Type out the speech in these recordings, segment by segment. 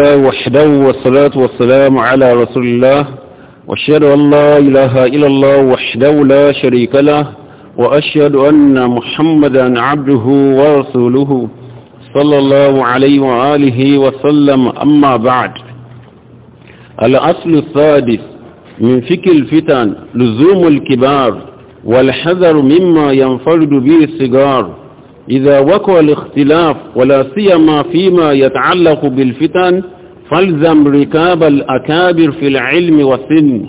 وحده والصلاة والسلام على رسول الله وأشهد أن لا إله إلا الله وحده لا شريك له وأشهد أن محمدا عبده ورسوله صلى الله عليه وآله وسلم أما بعد الأصل السادس من فك الفتن لزوم الكبار والحذر مما ينفرد به الصغار إذا وقع الاختلاف ولا سيما فيما يتعلق بالفتن فالزم ركاب الأكابر في العلم والسن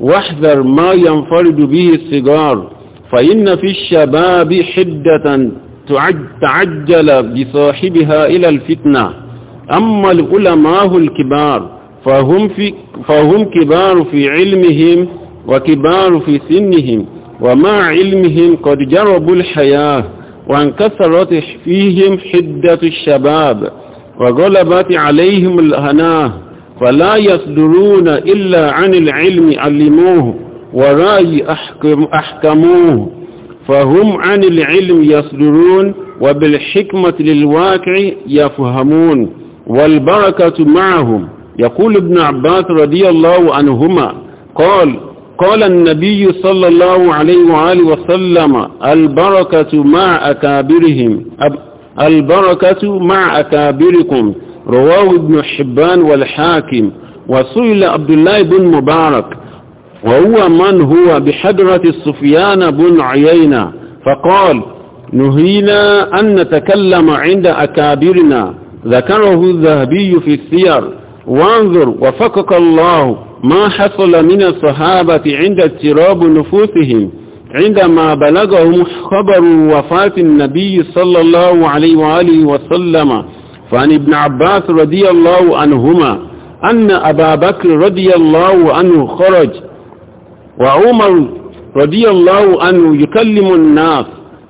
واحذر ما ينفرد به الصغار فإن في الشباب حدة تعجل بصاحبها إلى الفتنة أما العلماء الكبار فهم, في فهم كبار في علمهم وكبار في سنهم ومع علمهم قد جربوا الحياة وانكسرت فيهم حدة الشباب وغلبت عليهم الهناه فلا يصدرون إلا عن العلم علموه ورأي أحكم أحكموه فهم عن العلم يصدرون وبالحكمة للواقع يفهمون والبركة معهم يقول ابن عباس رضي الله عنهما قال قال النبي صلى الله عليه وآله وسلم البركة مع أكابرهم البركة مع أكابركم رواه ابن حبان والحاكم وسئل عبد الله بن مبارك وهو من هو بحضرة سفيان بن عيينة فقال نهينا أن نتكلم عند أكابرنا ذكره الذهبي في السير وانظر وفقك الله ما حصل من الصحابة عند اضطراب نفوسهم عندما بلغهم خبر وفاة النبي صلى الله عليه وآله وسلم فعن ابن عباس رضي الله عنهما أن أبا بكر رضي الله عنه خرج وعمر رضي الله عنه يكلم الناس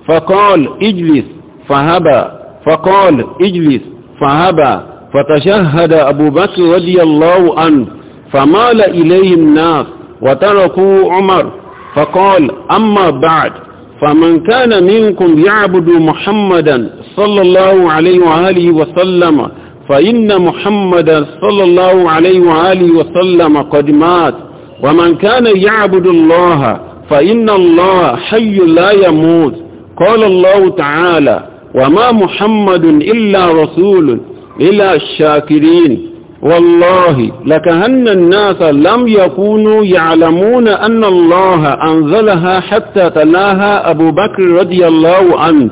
فقال اجلس فهبى فقال اجلس فهبى فتشهد أبو بكر رضي الله عنه فمال إليه الناس وتركوا عمر فقال أما بعد فمن كان منكم يعبد محمدا صلى الله عليه وآله وسلم فإن محمدا صلى الله عليه وآله وسلم قد مات ومن كان يعبد الله فإن الله حي لا يموت قال الله تعالى وما محمد إلا رسول إلى الشاكرين والله لكأن الناس لم يكونوا يعلمون أن الله أنزلها حتى تلاها أبو بكر رضي الله عنه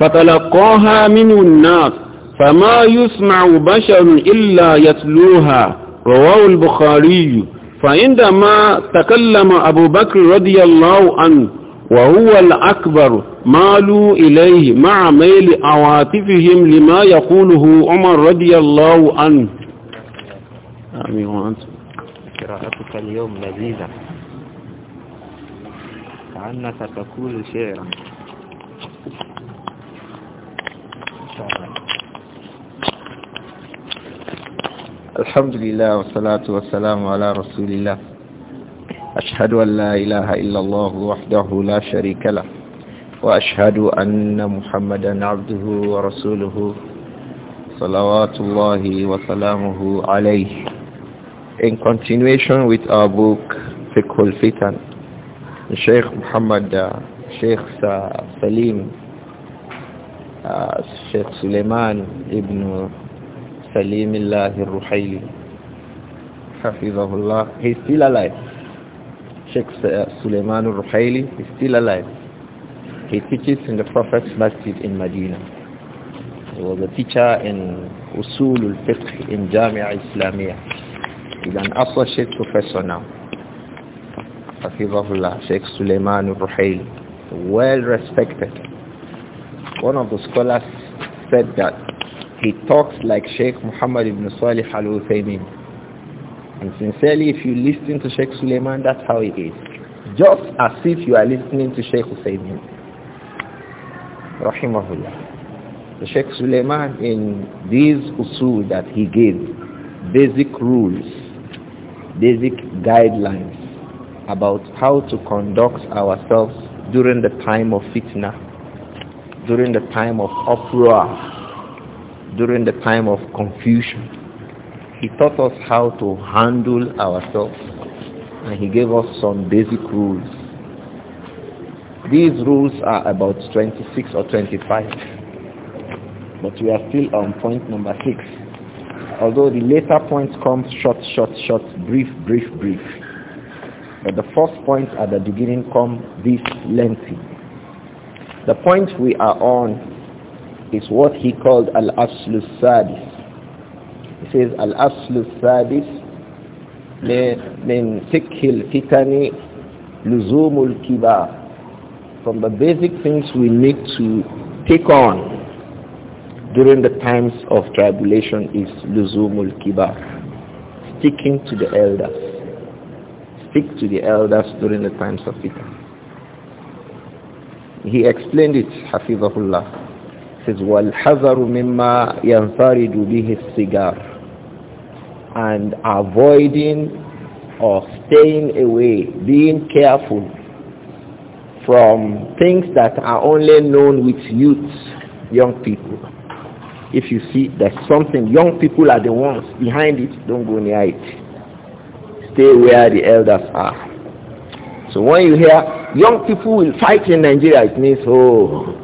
فتلقاها من الناس فما يسمع بشر إلا يتلوها رواه البخاري فعندما تكلم أبو بكر رضي الله عنه وهو الأكبر مالوا إليه مع ميل عواطفهم لما يقوله عمر رضي الله عنه أمي وأنت قراءتك اليوم لذيذة كأنك تقول شعرا الحمد لله والصلاة والسلام على رسول الله أشهد أن لا إله إلا الله وحده لا شريك له وأشهد أن محمدا عبده ورسوله صلوات الله وسلامه عليه in continuation with our book Fiqhul Fitan Sheikh Muhammad uh, Sheikh Salim uh, Sheikh Suleiman ibn Salim Allah al-Ruhaili Hafizahullah he's still alive Sheikh Sulaiman Suleiman al is still alive he teaches in the Prophet's Masjid in Medina he was a teacher in Usul al-Fiqh in Jamia Islamiyah He's an associate professor now. Hafizahullah, Sheikh Suleiman Ruhail, well respected. One of the scholars said that he talks like Sheikh Muhammad ibn Salih al Uthaymeen. And sincerely, if you listen to Sheikh Suleiman, that's how he is. Just as if you are listening to Sheikh Uthaymeen. Rahimahullah. The Sheikh Suleiman in these usul that he gave, basic rules basic guidelines about how to conduct ourselves during the time of fitna, during the time of uproar, during the time of confusion. He taught us how to handle ourselves and he gave us some basic rules. These rules are about 26 or 25, but we are still on point number 6. Although the later points come short, short, short, brief, brief, brief. But the first points at the beginning come this lengthy. The point we are on is what he called al-aslu sadis. He says al-aslu sadis men فقه fitani Luzumul الكبار from the basic things we need to take on during the times of tribulation is luzumul kibar sticking to the elders stick to the elders during the times of fitna he explained it hafizahullah says wal hazaru mimma yanfaridu bihi sigar and avoiding or staying away being careful from things that are only known with youth young people if you see that something, young people are the ones behind it, don't go near it. Stay where the elders are. So when you hear young people will fight in Nigeria, it means, oh,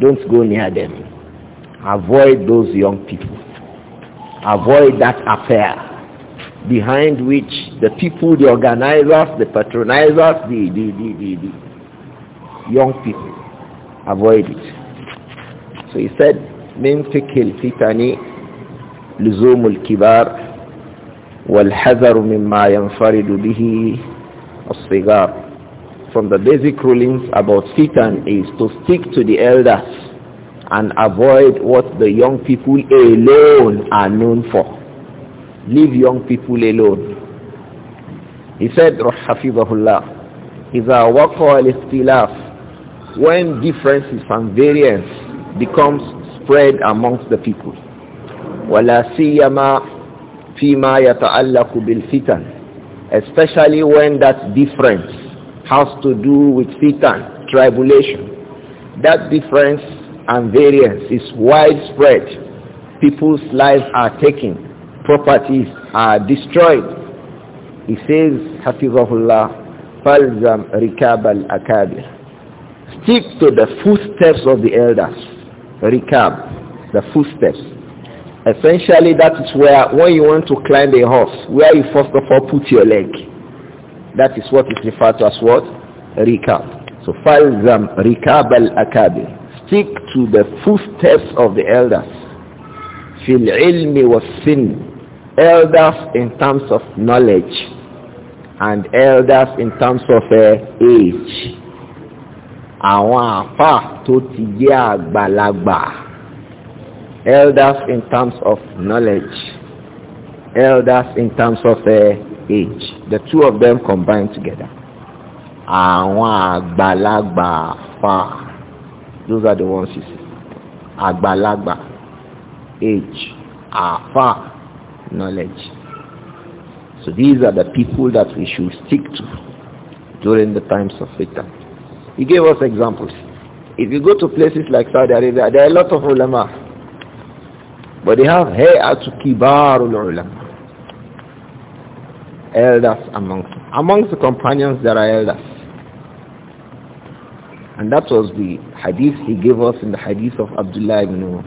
don't go near them. Avoid those young people. Avoid that affair behind which the people, the organizers, the patronizers, the, the, the, the, the young people, avoid it. So he said, من الفتن لزوم الكبار والحذر مما ينفرد به الصغار from the basic rulings about fitan is to stick to the elders and avoid what the young people alone are known for. Leave young people alone. He said, work إِذَا وَقَعَ الْإِخْتِلَافِ When differences and variance becomes spread amongst the people. وَلَا سِيَّمَا فِي مَا bil fitan. Especially when that difference has to do with fitan, tribulation. That difference and variance is widespread. People's lives are taken. Properties are destroyed. He says, Hafizahullah, Falzam Rikab al-Akabir. Stick to the footsteps of the elders. Rikab, the footsteps. Essentially, that is where when you want to climb a horse, where you first of all put your leg. That is what is referred to as what? Rikab. So, falzam rikab al-akabir. Stick to the footsteps of the elders. Fil ilmi was sin. Elders in terms of knowledge and elders in terms of uh, age àwọn àfà tó ti jẹ́ àgbàlagbà elders in terms of knowledge elders in terms of uh, age the two of them combined together àwọn àgbàlagbà àfà those are the ones you see àgbàlagbà age àfà knowledge so these are the people that we should stick to during the times of fitna he gave us examples. If you go to places like Saudi Arabia, there are a lot of ulama. But they have hay'atu kibar ulama. Elders amongst Amongst the companions, there are elders. And that was the hadith he gave us in the hadith of Abdullah ibn,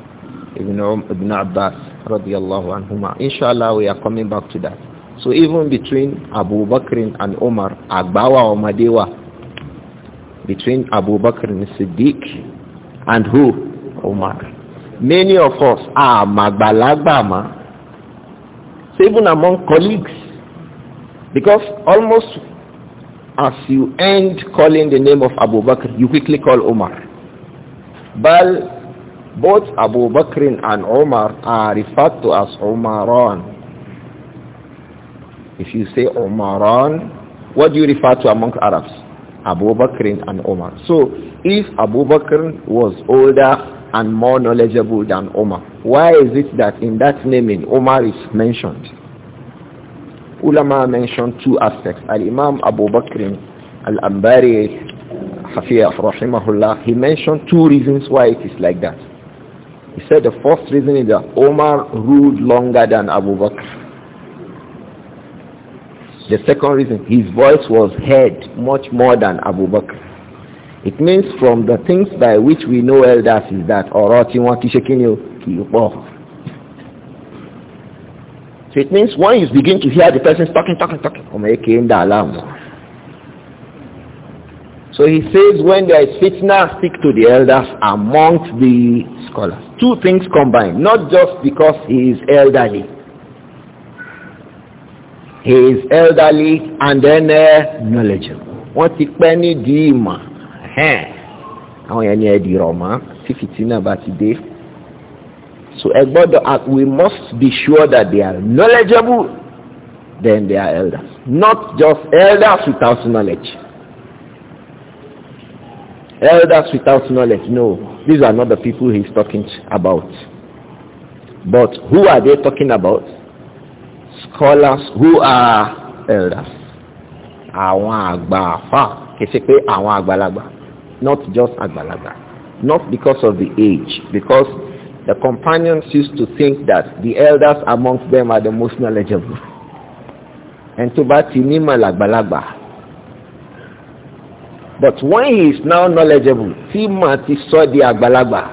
ibn, um, ibn Abbas radiallahu anhuma. Inshallah, we are coming back to that. So even between Abu Bakr and Omar, Agbawa or Madewa, between Abu Bakr and Siddiq and who? Umar. Many of us are magbalagbama. So even among colleagues, because almost as you end calling the name of Abu Bakr, you quickly call Umar. But both Abu Bakr and Umar are referred to as Umaran. If you say Umaran, what do you refer to among Arabs? Abu Bakr and Omar. So if Abu Bakr was older and more knowledgeable than Omar, why is it that in that naming Omar is mentioned? Ulama mentioned two aspects. Al-Imam Abu Bakr al-Ambari Hafiyah rahimahullah, he mentioned two reasons why it is like that. He said the first reason is that Omar ruled longer than Abu Bakr. The second reason, his voice was heard much more than Abu Bakr. It means from the things by which we know elders is that ọ̀rọ̀ tí wọ́n ti won So it means when you begin to hear the person talking, talking, talking, ọmọ So he says when there is fitna, speak to the elders amongst the scholars. Two things combined, not just because he is elderly. he is elderly and then uh, knowledgeable wọ́n ti pẹ́ nídìí ìmọ̀ àwọn yẹn ni ẹ dìrọ̀ mọ́ tí fìtínà bá ti dé so ẹ gbọ́dọ̀ uh, we must be sure that they are knowledgeable then they are elders not just elders without knowledge elders without knowledge no these are not the people he's talking about but who are they talking about scholars who are elders àwọn àgbà àfà kì í ṣe pé àwọn àgbàlagbà not just àgbàlagbà not because of the age because the companions used to think that the elders amongst them are the most knowledgeable ẹni tó bá ti nímọ̀ làgbàlagbà but when he is now knowledgeable tí mà ti sọ di àgbàlagbà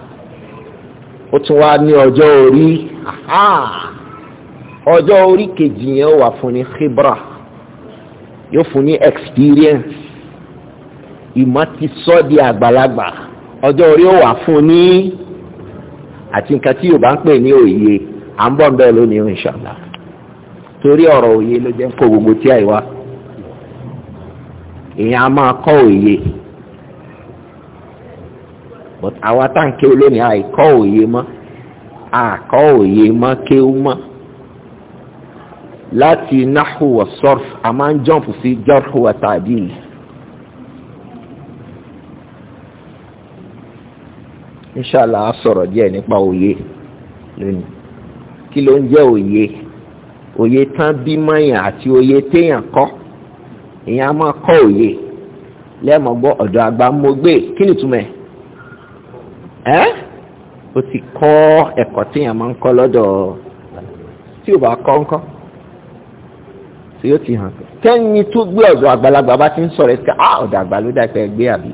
ó tún wá ní ọjọ́ orí aha ọjọ́ orí kejì yẹn wà fún ní khibra yóò fún ní experience ìmọ̀ ti sọ di àgbàlagbà ọjọ́ orí ó wà fún ni àti nǹkan tí yorùbá ń pè ní òye à ń bọ̀ ń bẹ́ẹ̀ lónìí ìṣàlá torí ọ̀rọ̀ òye ló jẹ́ kó gbogbo tí àìwá èèyàn á máa kọ́ òye àwa táǹkì olónìí àìkọ́ òye mọ́ àkọ́ òye mọ́ kéwú mọ́. láti náhù wà sọ́rf a máa ń jọ́ǹpù sí jọ́rù wà tàdíl inṣàlá a sọ̀rọ̀ díẹ̀ nípa òye lónìí kí ló ń jẹ́ òye òye tán bí mọ́yàn àti òye téèyàn kọ́ èèyàn a máa kọ́ òye lẹ́ẹ̀mọ́ gbọ́ ọ̀dọ̀ àgbà mo gbé kí ni túmọ̀ ẹ́ o ti kọ́ ẹ̀kọ́ téèyàn máa ń kọ́ lọ́dọ̀ tí ò bá kọ́ ńkọ́. yóò ti hàn tẹ́ni tó gbé ọ̀dọ̀ àgbàlagbà bá ti ń sọ̀rọ̀ ẹ̀ka ah, á ọ̀dọ̀ àgbà ló dàpẹ́ gbé àbí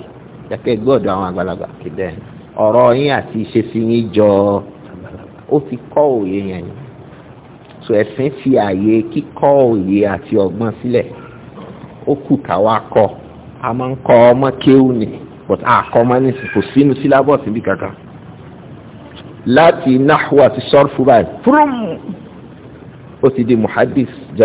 dàpẹ́ gbé ọ̀dọ̀ àwọn àgbàlagbà kìdẹ́ ọ̀rọ̀ yín àti ìṣesí yín jọ ó ti kọ́ òye yẹn ni so ẹ̀sìn fi àyè kíkọ́ òye àti ọgbọ́n sílẹ̀ ó kù káwa kọ́ a máa ń kọ́ ọmọ kéwù ni but a kọ́ ọmọ nísìn kò sínú sílábọ̀sì bí kankan láti nahwa àti sọ́ọ̀fù báyìí fúrúmù ó ti di muhaddis so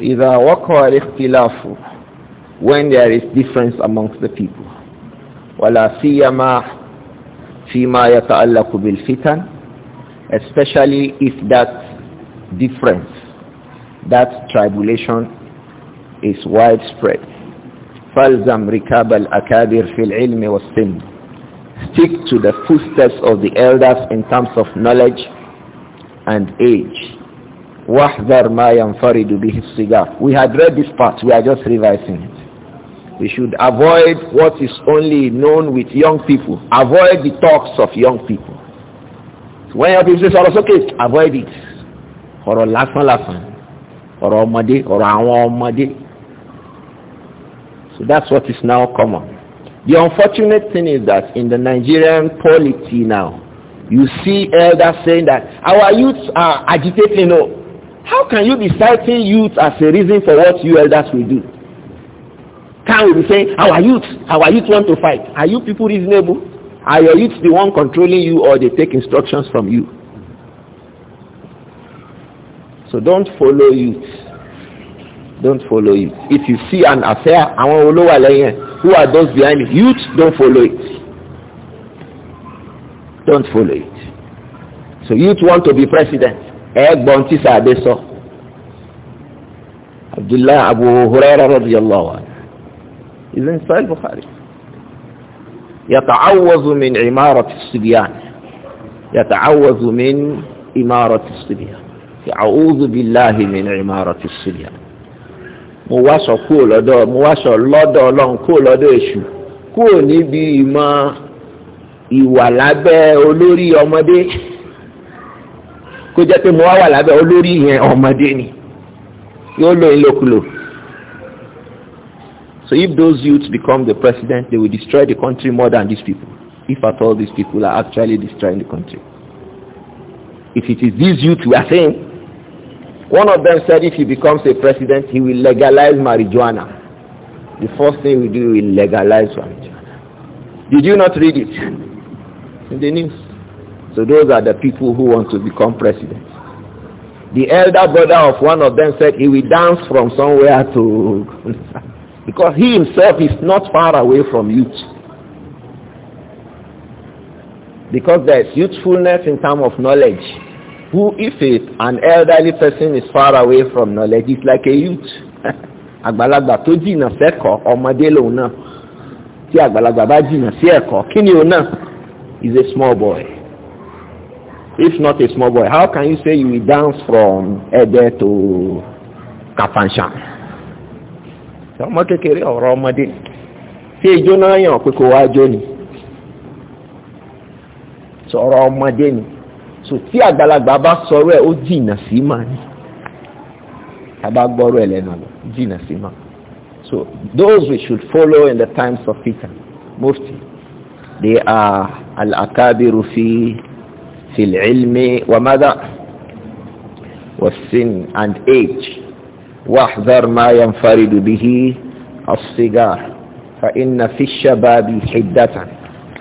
idha waqa al when there is difference amongst the people wala siyama fima especially if that difference that tribulation is widespread فَالْزَمْ رِكَابَ fil ilmi الْعِلْمِ وَالسِّنِّ Stick to the footsteps of the elders in terms of knowledge and age. وَاحْذَرْ مَا يَنْفَرِدُ بِهِ السِّجَارِ We had read this part, we are just revising it. We should avoid what is only known with young people. Avoid the talks of young people. So when young people say, okay, avoid it. Or last one, last one. Or ọmọdé, or àwọn So that's what is now common. The unfortunate thing is that in the Nigerian polity now, you see elders saying that our youths are agitating. No. How can you be citing youth as a reason for what you elders will do? Can we be saying our youths? our youth want to fight? Are you people reasonable? Are your youths the one controlling you or they take instructions from you? So don't follow youths. don't follow it if you see an affair àwọn olówó àlẹyìn who are those behind it youth don't follow it don't follow it so youth want to be president ẹgbọn tí sàdé sọ abdullahi abu huraira radiyallahu anhu is in sahih bukhari yata'awwazu min imarati as-sibyan yata'awwazu min imarati as-sibyan a'udhu billahi min imarati as-sibyan mo wá sọ kúrò lọ́dọ̀ mo wá sọ lọ́dọ̀ ọlọ́run kúrò lọ́dọ̀ èṣù kúrò níbi ìmọ̀ ìwà lábẹ́ olórí ọmọdé kó jẹ́ pé mo wá wà lábẹ́ olórí yẹn ọmọdé ni yóò lò ìlòkulò. So if those youths become the president, they will destroy the country more than these people, if at all these people are actually destroying the country. If it is these youths we are saying, One of them said if he becomes a president, he will legalize marijuana. The first thing we do, is legalize marijuana. Did you not read it? In the news. So those are the people who want to become president. The elder brother of one of them said he will dance from somewhere to... because he himself is not far away from youth. Because there is youthfulness in terms of knowledge who if it, an elderly person is far away from knowledge is like a youth àgbàlagbà tó jìnnà sẹ́kọ̀ọ́ ọmọdé lòun náà tí àgbàlagbà bá jìnnà sí ẹ̀kọ́ kí ni òun náà is a small boy if not a small boy how can you say you will dance from Ẹdẹ to Kafanchan ọmọ kékeré ọ̀rọ̀ ọmọdé ṣé ijó náà yàn pé kò wá jó ni sọ̀rọ̀ ọmọdé ni. so tí àgbàlagbà bá sọ̀rọ̀ ẹ̀ ó jìnnà sí máa ní tàbá gbọ́rọ̀ ẹ̀ jìnnà sí máa so those we should follow in the times of fitan mufti they are al-akabiru fi fi al-ilmi wa madha wa sin and age واحذر ما ينفرد sigar Fa-inna fi الشباب حدة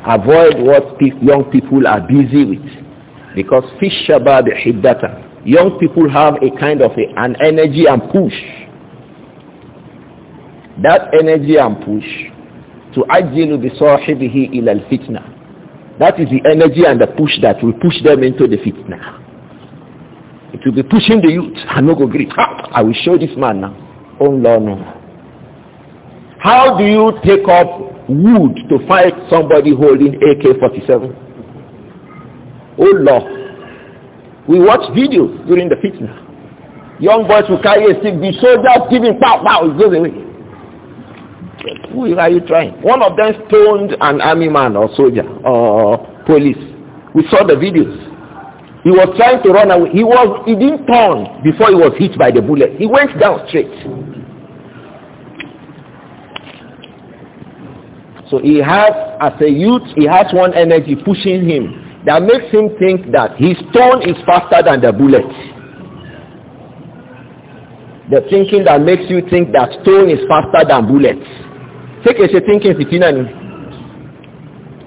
avoid what young people are busy with because fish shabab hiddata. Young people have a kind of a, an energy and push. That energy and push to ajilu bi sahibihi ila al-fitna. That is the energy and the push that will push them into the fitna. It will be pushing the youth. I no go greet. I will show this man now. Oh Lord, no. How do you take up wood to fight somebody holding AK-47? Oh Lord. We watch videos during the fitness. Young boys will carry a stick, the soldiers giving pow pow, it goes away. Who are you trying? One of them stoned an army man or soldier or police. We saw the videos. He was trying to run away. He was he didn't turn before he was hit by the bullet. He went down straight. So he has, as a youth, he has one energy pushing him that makes him think that his stone is faster than the bullet. The thinking that makes you think that stone is faster than bullet. Ṣé kìí ṣe thinking fìtínà ni?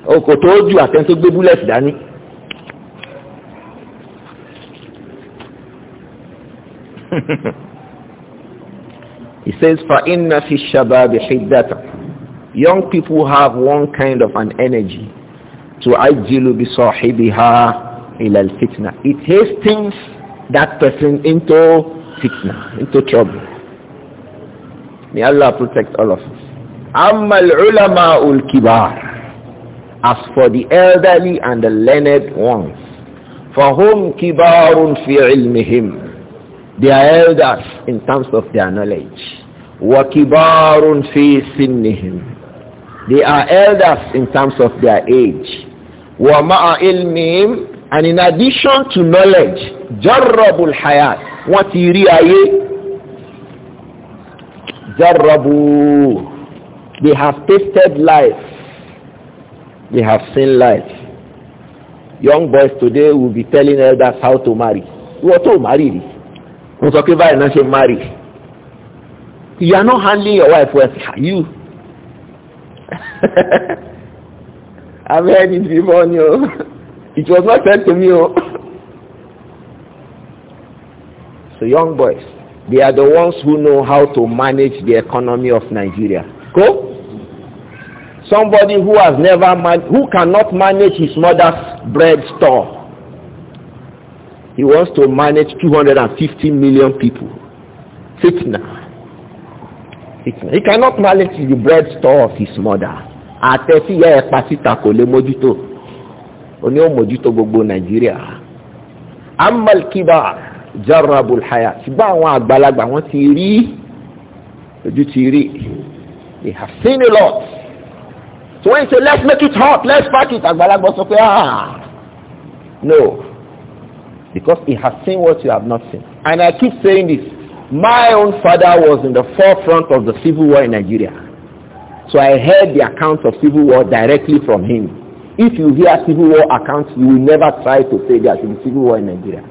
O kò tó ju àtẹ́ni tó gbé bullets, dání. He says, فَإِنَّ فِي الشَّبَابِ حِدَّةً Young people have one kind of an energy. تعجل بصاحبها ilal fitna. it hastens that person into fitna into trouble may Allah protect all of us ulama al kibar. as for the elderly and the learned ones whom kibarun fi علمهم they are elders in terms of their knowledge Wa kibarun fi sinnihim, they are elders in terms of their age وَمَعَ إِلْمِهِمْ And in addition to knowledge, جَرَّبُوا الْحَيَاةِ Wọ́n ti rí ayé. جَرَّبُوا They have tasted life. They have seen life. Young boys today will be telling elders how to marry. Wọ́n tó marry rí. Wọ́n sọ pé báyìí náà ṣe marry. You are not handling your wife well. You. I've heard it before, know. it was not said to me, oh. so young boys, they are the ones who know how to manage the economy of Nigeria. Go. Somebody who has never man who cannot manage his mother's bread store. He wants to manage 250 million people. Fitna. Fitna. He cannot manage the bread store of his mother. àtẹ tíyà ẹ̀ pa síta kò lè mójútó oní ó mójútó gbogbo nàìjíríà amal kibar jarabul haya ṣùgbọ́n àwọn àgbàlagbà wọ́n ti rí ojú ti rí they have seen a lot so when you say let's make it hot let's pack it àgbàlagbà sọ pé ah no because he has seen what you have not seen and i keep saying this my own father was in the forefront of the civil war in nigeria So I heard the accounts of civil war directly from him. If you hear civil war accounts, you will never try to say there should be civil war in Nigeria.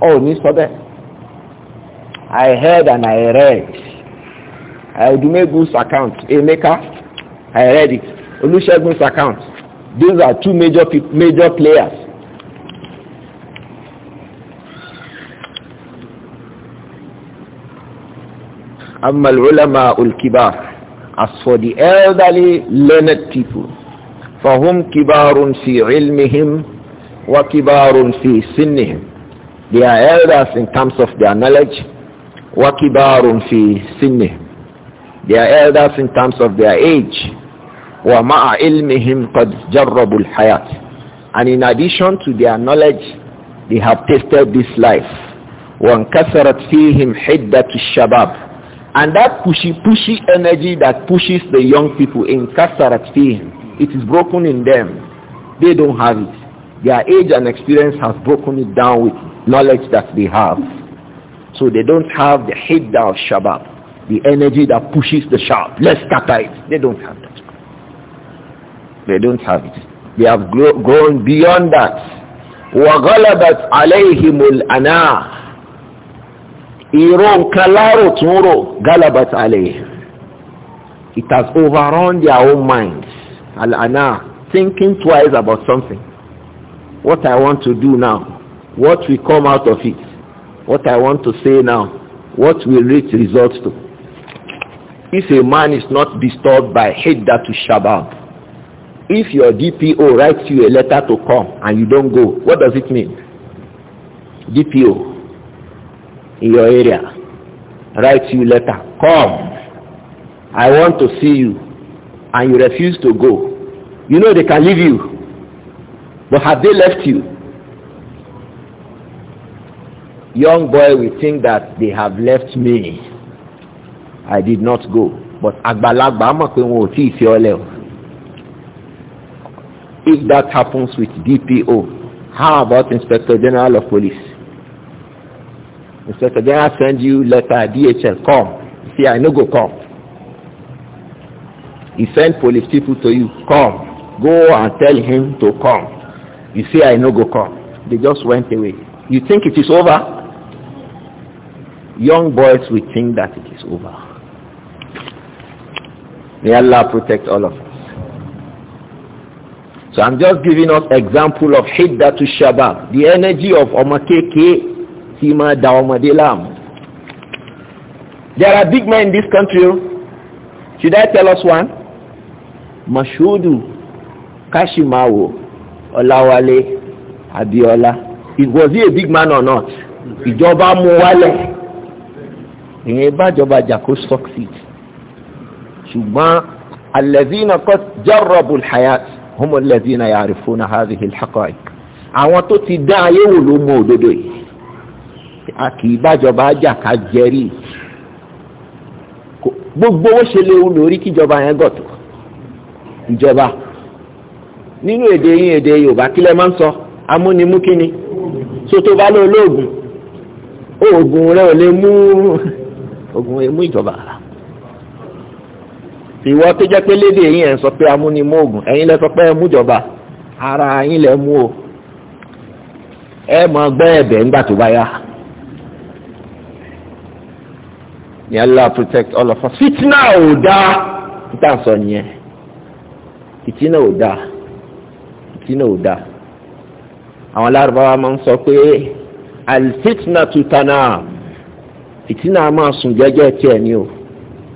Oh, Mr. Ben. I heard and I read. I Edumegu's account, Emeka, I read it. Olusegun's account. These are two major major players. أما العلماء الكبار as for the elderly learned people, فَهُمْ كِبَارٌ فِي عِلْمِهِمْ وَكِبَارٌ فِي سِنِّهِمْ They are elders in terms of their knowledge, وَكِبَارٌ فِي سِنِّهِمْ They are elders in terms of their age, وَمَعَ عِلْمِهِمْ قَدْ جَرَّبُوا الْحَيَاةِ And in addition to their knowledge, they have tasted this life. وَانْكَسَرَتْ فِيهِمْ حِدَّةُ الشَّبَابِ and that pushy, pushy energy that pushes the young people in Kasarat Fihim, it is broken in them. They don't have it. Their age and experience has broken it down with knowledge that they have. So they don't have the hidda of Shabab, the energy that pushes the sharp. Let's scatter it. They don't have that. They don't have it. They have grown beyond that. وَغَلَبَتْ عَلَيْهِمُ الْأَنَاهِ ìró Kalaro, lárò galabat alayhi it has overrun their own minds al-ana thinking twice about something what i want to do now what will come out of it what i want to say now what will it result to if a man is not disturbed by to shabab if your dpo writes you a letter to come and you don't go what does it mean dpo in your area write you letter come i want to see you and you refuse to go you know they can leave you but have they left you young boy we think that they have left me i did not go but àgbàlagbà mọ̀ pé wọn ò tí ì fi o if that happens with dpo how about inspector general of police Mr. Kajaya send you letter DHL, come. See, I no go come. He send police people to you, come. Go and tell him to come. You say I no go come. They just went away. You think it is over? Young boys will think that it is over. May Allah protect all of us. So I'm just giving us example of Hiddatu Shabab, the energy of Omakeke tí máa da ọmọdé láàmú. There are big men in this country. Oh. Should I tell us one? Mashudu Kashimawo Olawale Abiola. It was he a big man or not? Ìjọba mú wálẹ̀. Ìyẹn ìbájọba Jako succeed. Ṣùgbọ́n Alẹ́zínà kọ́ Jarrabul Hayat, Homo Lẹ́zínà Yarifuna Hazihi Al-Haqa'iq. Àwọn tó ti dá ayé wò ló mú òdodo yìí a kì í bájọba ájà ká jẹrí gbogbo ó ṣe léwu lórí kíjọba yẹn gọ̀tọ̀ ìjọba nínú èdè yín èdè yorùbá kílẹ̀ máa ń sọ amúnimúkíni so tó bá lọ olóògùn oògùn rẹ ò lè mú oògùn rẹ mú ìjọba rà ìwọ tó jẹ́ pé lédè yín ẹ̀ ń sọ pé amúnimú oògùn lẹ sọ pé ẹ mú ìjọba ara yín lẹ mú o ẹ mọ gbẹ́ ẹ̀bẹ̀ ńgbà tó bá yá May Allah protect all of us. Fitna ò dáa. Ìtàn sọ nìyẹn. Fitna ò dáa. Fitna ò dáa. Àwọn lárúbáwá máa ń sọ pé alfitna tutana. Fitna máa sùn jẹ́jẹ́ tiẹ̀ ni o.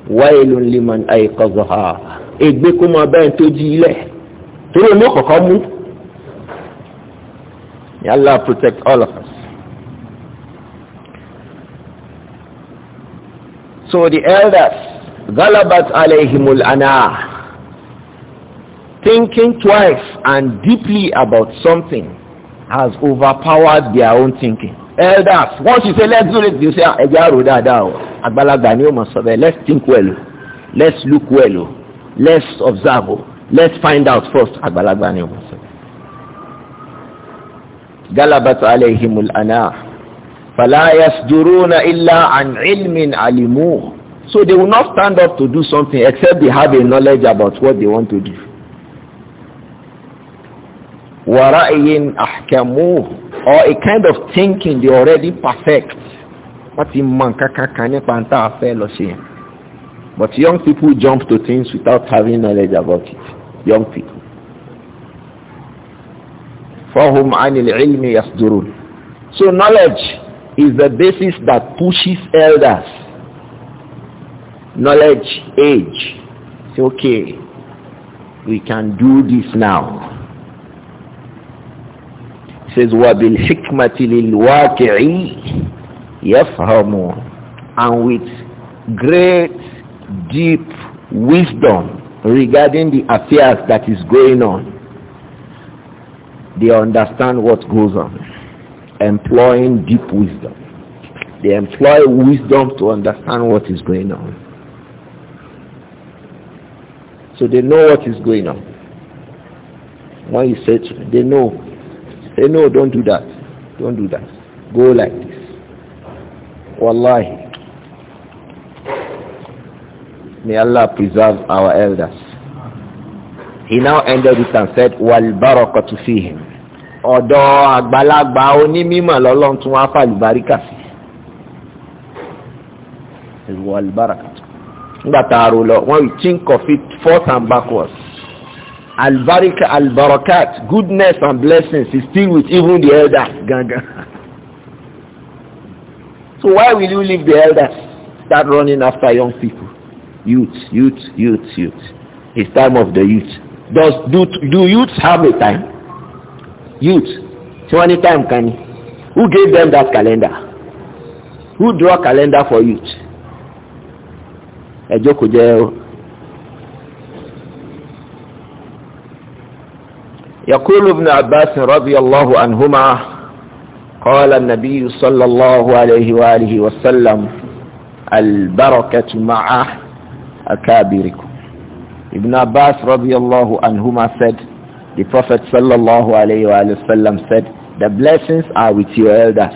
Wailun liman ayqazaha. Ègbé kó máa bẹ́ẹ̀ tó di ilẹ̀. Torí omi kọ̀ọ̀kan mú. May Allah protect all of us. So the elders, galabat alayhimul الْأَنَاهِ Thinking twice and deeply about something has overpowered their own thinking. Elders, once you say let's do it, you say, ah, ẹja ro àgbàlagbà ni ó mọ̀ sọ let's think well let's look well let's observe let's find out first, àgbàlagbà ni ó mọ̀ sọ. فَلَا يَسْجُرُونَ إِلَّا عَنْ عِلْمٍ عَلِمُوهُ so they will not stand up to do something except they have a knowledge about what they want to do. وَرَأْيٍ أَحْكَمُوهُ Or a kind of thinking they already perfect. in But young people jump to things without having knowledge about it. Young people. فَهُمْ عَنِ الْعِلْمِ يَصْدُرُونَ So knowledge is the basis that pushes elders knowledge age say okay we can do this now it says وَبِالْحِكْمَةِ لِلْوَاقِعِ يَفْهَمُ and with great deep wisdom regarding the affairs that is going on they understand what goes on employing deep wisdom. They employ wisdom to understand what is going on. So they know what is going on. When you say they know. They know, don't do that. Don't do that. Go like this. Wallahi. May Allah preserve our elders. He now ended it and said, see him." ọ̀dọ̀ àgbàlagbà onímímọ̀ lọ́lọ́run tún wá fàlùbáríkà sí ìwọ àlùbáràkà nígbà tá a rò lọ wọ́n wí think of it forth and backwards albarika albarakat goodness and blessings is still with even the elders gangan so why will you leave the elders start running after young people youth youth youth youth it's time of the youth does do do youths have a time youth So wọ́n time who gave them that calendar who draw calendar for youth ẹ jókòó jẹ́ o. يقول ابن رضي الله عنهما قال النبي صلى الله عليه وآله وسلم البركة مع أكابركم Ibn Abbas رضي الله عنهما said the Prophet sallallahu alayhi wa said, the blessings are with your elders.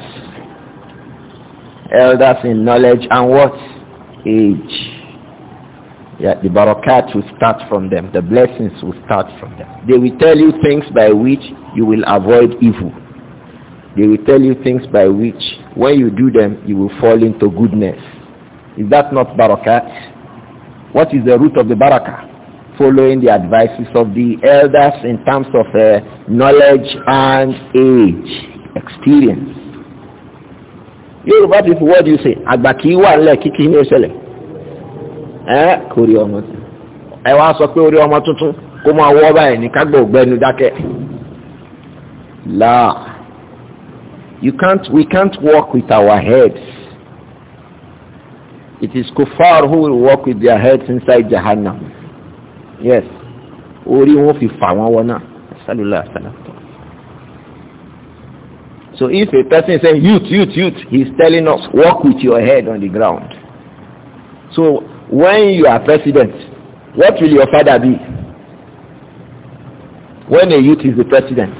Elders in knowledge and what? Age. Yeah, the barakat will start from them. The blessings will start from them. They will tell you things by which you will avoid evil. They will tell you things by which when you do them, you will fall into goodness. Is that not barakat? What is the root of the barakah? following the advices of the elders in terms of uh, knowledge and age, experience. Yorùbá people what do you say? Àgbà kì í wà nílẹ̀ kíkì ní ìṣẹ̀lẹ̀. Ẹ kò rí ọmọ tí. Ẹ wá sọ pé orí ọmọ tuntun kó máa wọ́ báyìí ní kágbọ̀ ògbẹ́nu dákẹ́. Láà. You can't, we can't work with our heads. It is kuffar who will work with their heads inside Jahannam yes orí wọn fi fà wọn wọ náà sallallahu alaihi wasallam so if a person say youth youth youth he is telling us walk with your head on the ground so when you are president what will your father be when a youth is the president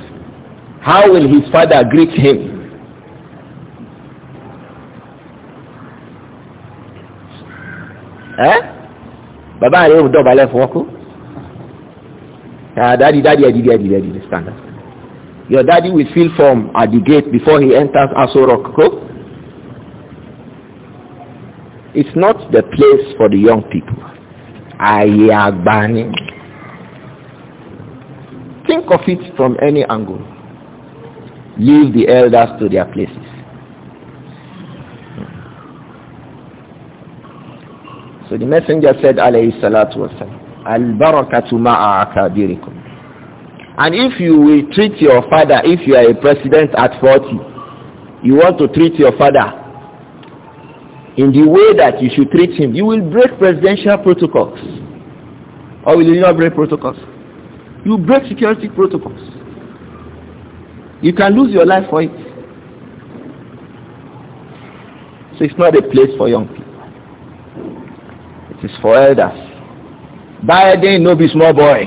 how will his father greet him eh baba rẹ ò dọ̀bálẹ̀ fún ọkọ. Ah, daddy, daddy, daddy, daddy, daddy, daddy, stand up. Your daddy will feel form at the gate before he enters Asorokko. Go. It's not the place for the young people. I burning. Think of it from any angle. Leave the elders to their places. So the messenger said, alayhi salatu wasalam, al ma'a akabirikum. And if you will treat your father, if you are a president at 40, you want to treat your father in the way that you should treat him, you will break presidential protocols. Or will you not break protocols? You break security protocols. You can lose your life for it. So it's not a place for young people. It is for elders. Biden no be small boy.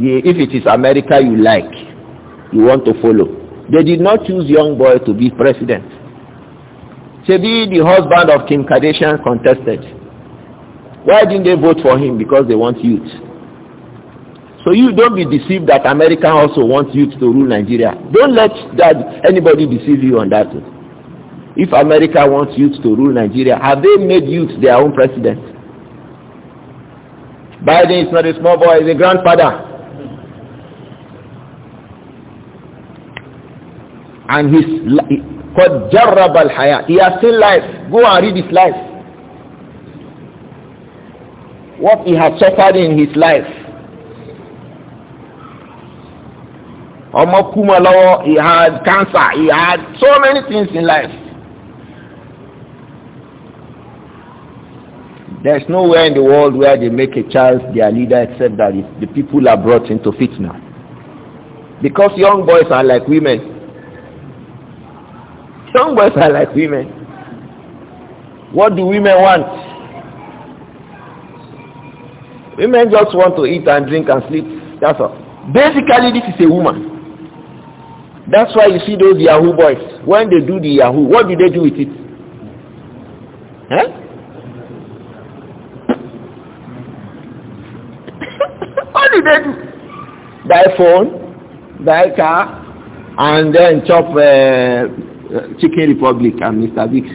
if it is America you like, you want to follow. They did not choose young boy to be president. Sebi, the husband of Kim Kardashian, contested. Why didn't they vote for him? Because they want youth. So you don't be deceived that America also wants youth to rule Nigeria. Don't let that anybody deceive you on that. If America wants youth to rule Nigeria, have they made youth their own president? Biden is not a small boy, he's a grandfather. And his Jarrab al Hayat. he has seen life go and read his life what he has suffered in his life ọmọ Kumalo, he had cancer he had so many things in life There is nowhere in the world where they make a child their leader except that the people are brought into fitna. Because young boys are like women. Young boys are like women. What do women want? Women just want to eat and drink and sleep. That's all. Basically, this is a woman. That's why you see those Yahoo boys. When they do the Yahoo, what do they do with it? Huh? What did they do? Buy phone, buy car, and then chop uh, Chicken Republic and Mr. Biggs.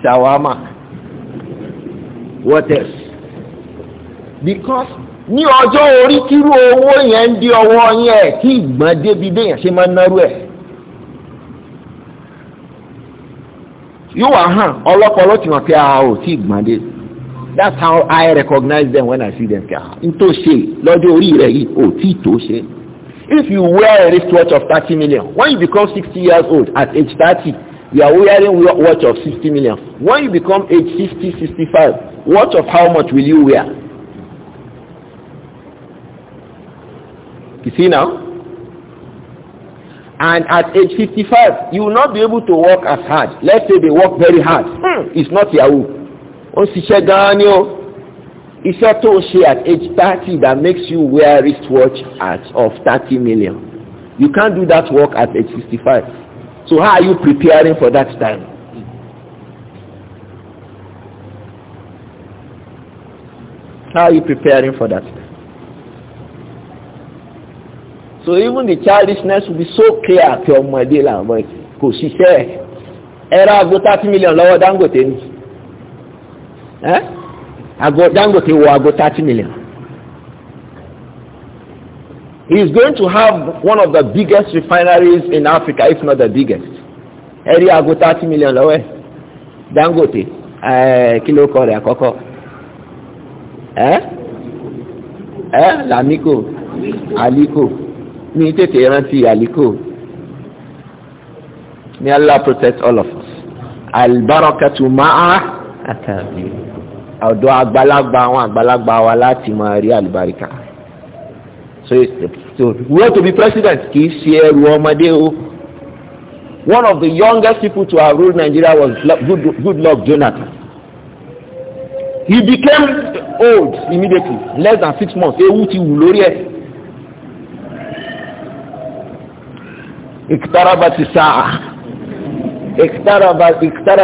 Shawarma. What else? Because ní ọjọ́ orí kírú owó yẹn ń di ọwọ́ yẹn kí ìgbọ́n débi béèyàn ṣe máa ń náró ẹ̀. yóò wá hàn ọlọ́pàá ọlọ́tìmọ̀ pé a ò tí ì gbọ́n that's how I recognize them when I see them. Nto ṣe lọ́jọ́ orí rẹ̀ yìí ò tí to ṣe. If you wear a wristwatch of thirty million, when you become sixty years old at age thirty, you are wearing watch of sixty million. When you become age sixty, sixty-five, watch of how much will you wear? You see now? And at age fifty-five, you will not be able to work as hard. Let's say they work very hard. Hmm. It's not Yahoo ó ṣiṣẹ́ gan-an ni ó iṣẹ́ tó ṣe at age thirty that makes you wear wristwatch at of thirty million you can't do that work at age sixty-five so how are you preparing for that time. How are you preparing for that? So even the childishness will be so clear to your mother, like, kò ṣiṣẹ́ ẹ̀. Ẹ̀rọ àgbo thirty million lower lọ́wọ́ Dangote ni ẹ́ ago dangote wọ ago thirty million he is going to have one of the biggest refineries in Africa if not the biggest ẹ rí ago thirty million lọ́wọ́ ẹ̀ dangote ẹ̀ kí ló kọ rẹ̀ àkọ́kọ́ ẹ́ ẹ́ lamiko aliko mi tètè rántí aliko may Allah protect all of us albarakatu ma'a akabi ọ̀dọ̀ àgbàlagbà àwọn àgbàlagbà wa láti máa rí àlùbáríkà so we want to be president kì í ṣe ẹrù ọmọdé o one of the youngest people to have ruled Nigeria was good, luck, Jonathan he became old immediately less than six months ewu ti wù lórí ẹ̀ iqtarabati sa'a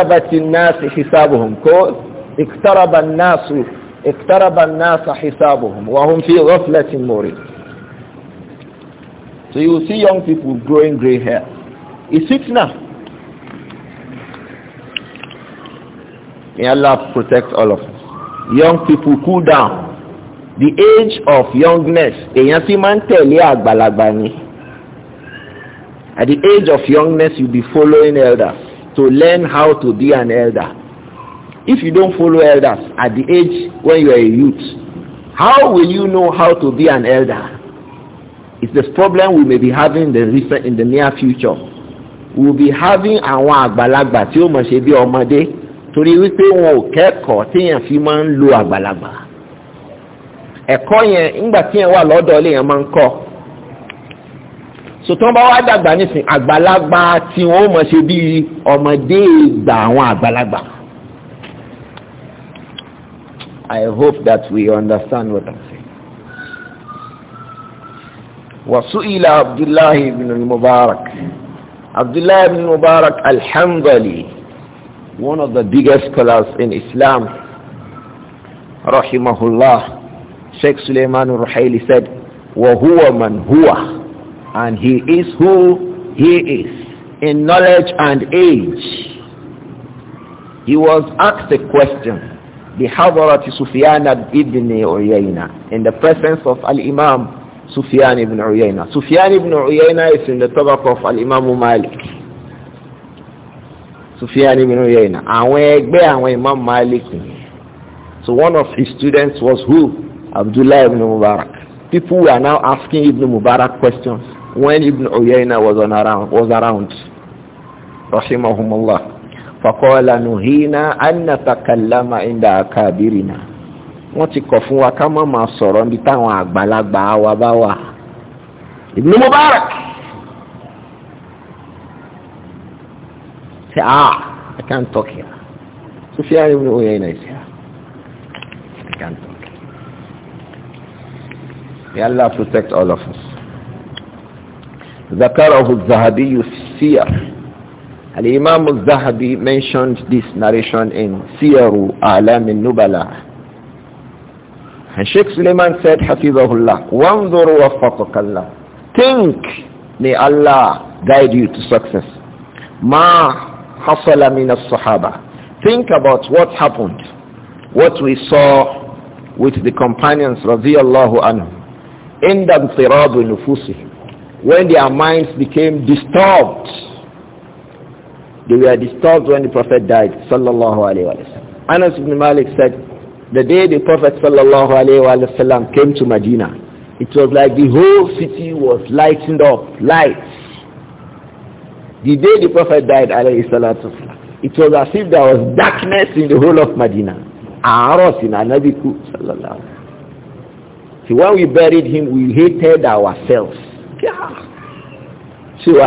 iqtarabati nasi hisabuhum kọ́. اقترب الناس اقترب الناس حسابهم وهم في مريض so you see young people growing gray hair it's fitna may Allah protect all of us young people cool down the age of youngness èèyàn sì man tẹ̀lé àgbàlagbà ni at the age of youngness you be following elders to learn how to be an elder if you don't follow elders at the age when you are a youth how will you know how to be an elder it's the problem we may be having in the recent in the near future we will be having àwọn àgbàlagbà tí ó mọ̀ ṣe bí ọmọdé torí wípé wọn ò kẹ́kọ̀ọ́ téèyàn fi máa ń lo àgbàlagbà ẹ̀kọ́ yẹn ńgbà téèyàn wà lọ́dọ̀ ilé yẹn máa ń kọ́ sòtọ́ bá wá dàgbà nísìnyí àgbàlagbà tí wọn ó mọ̀ bí ọmọdé ìgbà àwọn àgbàlagbà I hope that we understand what I'm saying. وسئل عبد الله بن المبارك عبد الله بن المبارك one of the biggest scholars in Islam rahimahullah Sheikh Sulaiman al-Ruhaili said وهو من هو and he is who he is in knowledge and age he was asked a question بحضرة سفيان ابن عيينة in the presence of al-Imam Sufyan ibn Uyayna. Sufyan ibn Uyayna is in the tabaq of al-Imam Malik. Sufyan ibn Uyayna. Àwọn ẹgbẹ́ àwọn Imam Malik So one of his students was who? Abdullah ibn Mubarak. People were now asking Ibn Mubarak questions when Ibn Uyayna was, on around, was around. Rahimahumullah. fàkọ́ọ́lá nùhínà ánàtàkàlámà ìdá àkàbírìnà wọ́n ti kọ̀ fún wa ká má máa sọ̀rọ̀ níbi táwọn àgbàlagbà wa bá wà Ibn Mubarak say ah I can't talk here Sufyan ibn Uyayna is here I can't talk May Allah protect all of us ذكره الذهبي السير Al-Imam al-Zahabi mentioned this narration in Siyaru A'lam al-Nubala. And Sheikh Suleiman said, Hafizahullah, وَانْظُرُ وَفَّقَكَ اللَّهُ Think, may Allah guide you to success. مَا حَصَلَ مِنَ الصَّحَابَةِ Think about what happened, what we saw with the companions radiyallahu anhum. عند انطراب نفوسهم when their minds became disturbed they were disturbed when the Prophet died, sallallahu alaihi wasallam. Anas ibn Malik said, the day the Prophet sallallahu alaihi came to Medina, it was like the whole city was lightened up, lights. The day the Prophet died, alayhi salatu it was as if there was darkness in the whole of Medina. Aros in Anabiku, sallallahu See, when we buried him, we hated ourselves. Yeah. So,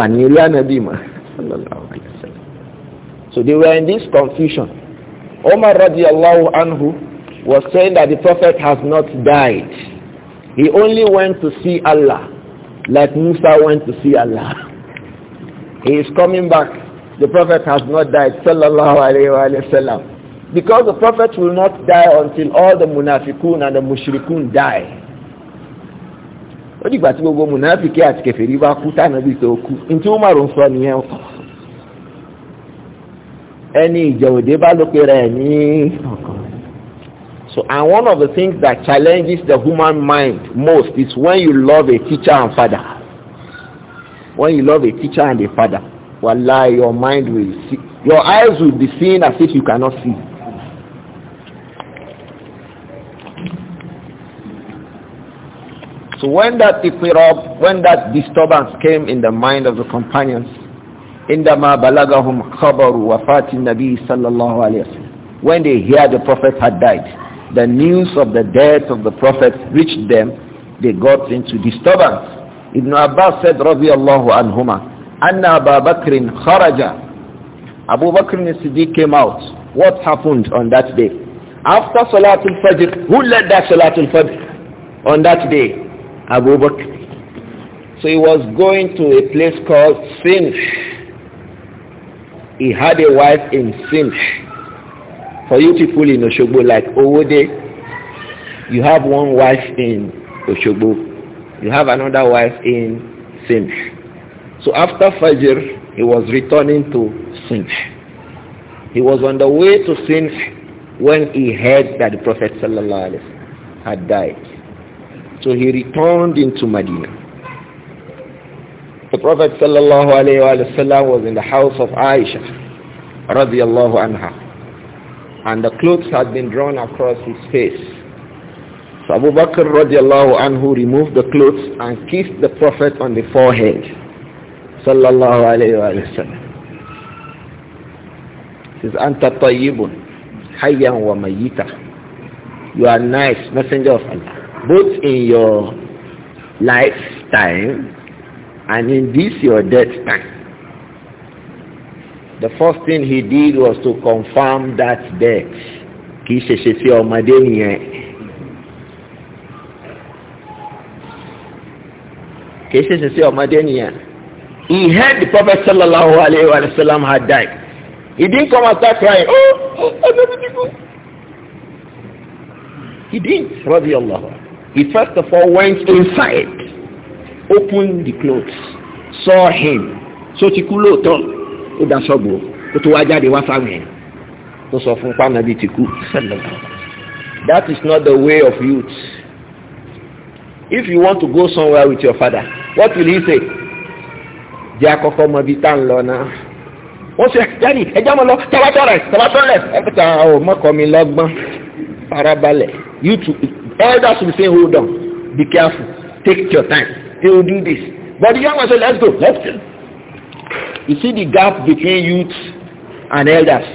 so they were in this confusion. Omar radiallahu anhu was saying that the Prophet has not died. He only went to see Allah, like Musa went to see Allah. He is coming back. The Prophet has not died, sallallahu alayhi wa sallam. Because the Prophet will not die until all the munafiqun and the mushrikun die. dìgbà tí gbogbo munafiki àti kẹfẹ́rí bá kú tánàbí tó kú sọ nìyẹn kọ́. Any ní So, and one of the things that challenges the human mind most is when you love a teacher and father. When you love a teacher and a father, wallahi, your mind will see. Your eyes will be seeing as if you cannot see. So when that when that disturbance came in the mind of the companions, عندما بلغهم خبر النبي صلى الله عليه وسلم when they hear the prophet had died the news of the death of the prophet reached them they got into disturbance Ibn Abbas said رضي الله anna أن أبا بكر خرج Abu Bakr al-Siddiq came out what happened on that day after Salatul Fajr who led that Salatul Fajr on that day Abu Bakr so he was going to a place called Sin he had a wife in Sinch. For you people in Oshogbo like Owode, you have one wife in Oshogbo. You have another wife in Sinch. So after Fajr, he was returning to Sinch. He was on the way to Sinch when he heard that the Prophet ﷺ had died. So he returned into Medina. The Prophet sallallahu alayhi wa was in the house of Aisha radiallahu anha and the clothes had been drawn across his face. So Abu Bakr radiallahu anhu removed the clothes and kissed the Prophet on the forehead sallallahu alayhi wa sallam. Says, Anta tayyibun hayyan wa mayyita. You are nice, messenger of Allah. Both in your lifetime and in this your death time the first thing he did was to confirm that death kì í ṣẹ̀ṣẹ̀ sí ọmọdé nìyẹn kì í ṣẹ̀ṣẹ̀ sí ọmọdé nìyẹn he heard the prophet sallallahu alayhi wa sallam had died he didn't come out start crying oh I oh oh he didn't radiyallahu he first of all went inside open the clothes saw him so ti kú lóòótọ́ ó da sọ́gbọ̀ ó tó wá jáde wá fáwọn yẹn ó sọ fún pàmò ti kú that is not the way of youth if you want to go somewhere with your father what will he say jẹ́ àkọ́kọ́ mọ ibi tá ń lọ náà wọ́n sọ jáde ẹjọ́ mọ lọ tọ́wátọ́rẹ̀ tọ́wátọ́rẹ̀ ẹ̀kọ́ta ò mọ́kọ́ mi lọ́gbọ́n farabalẹ̀ you too elders will say hold on be careful take your time They will do this. But the young man said, let's go. Let's go. You see the gap between youths and elders.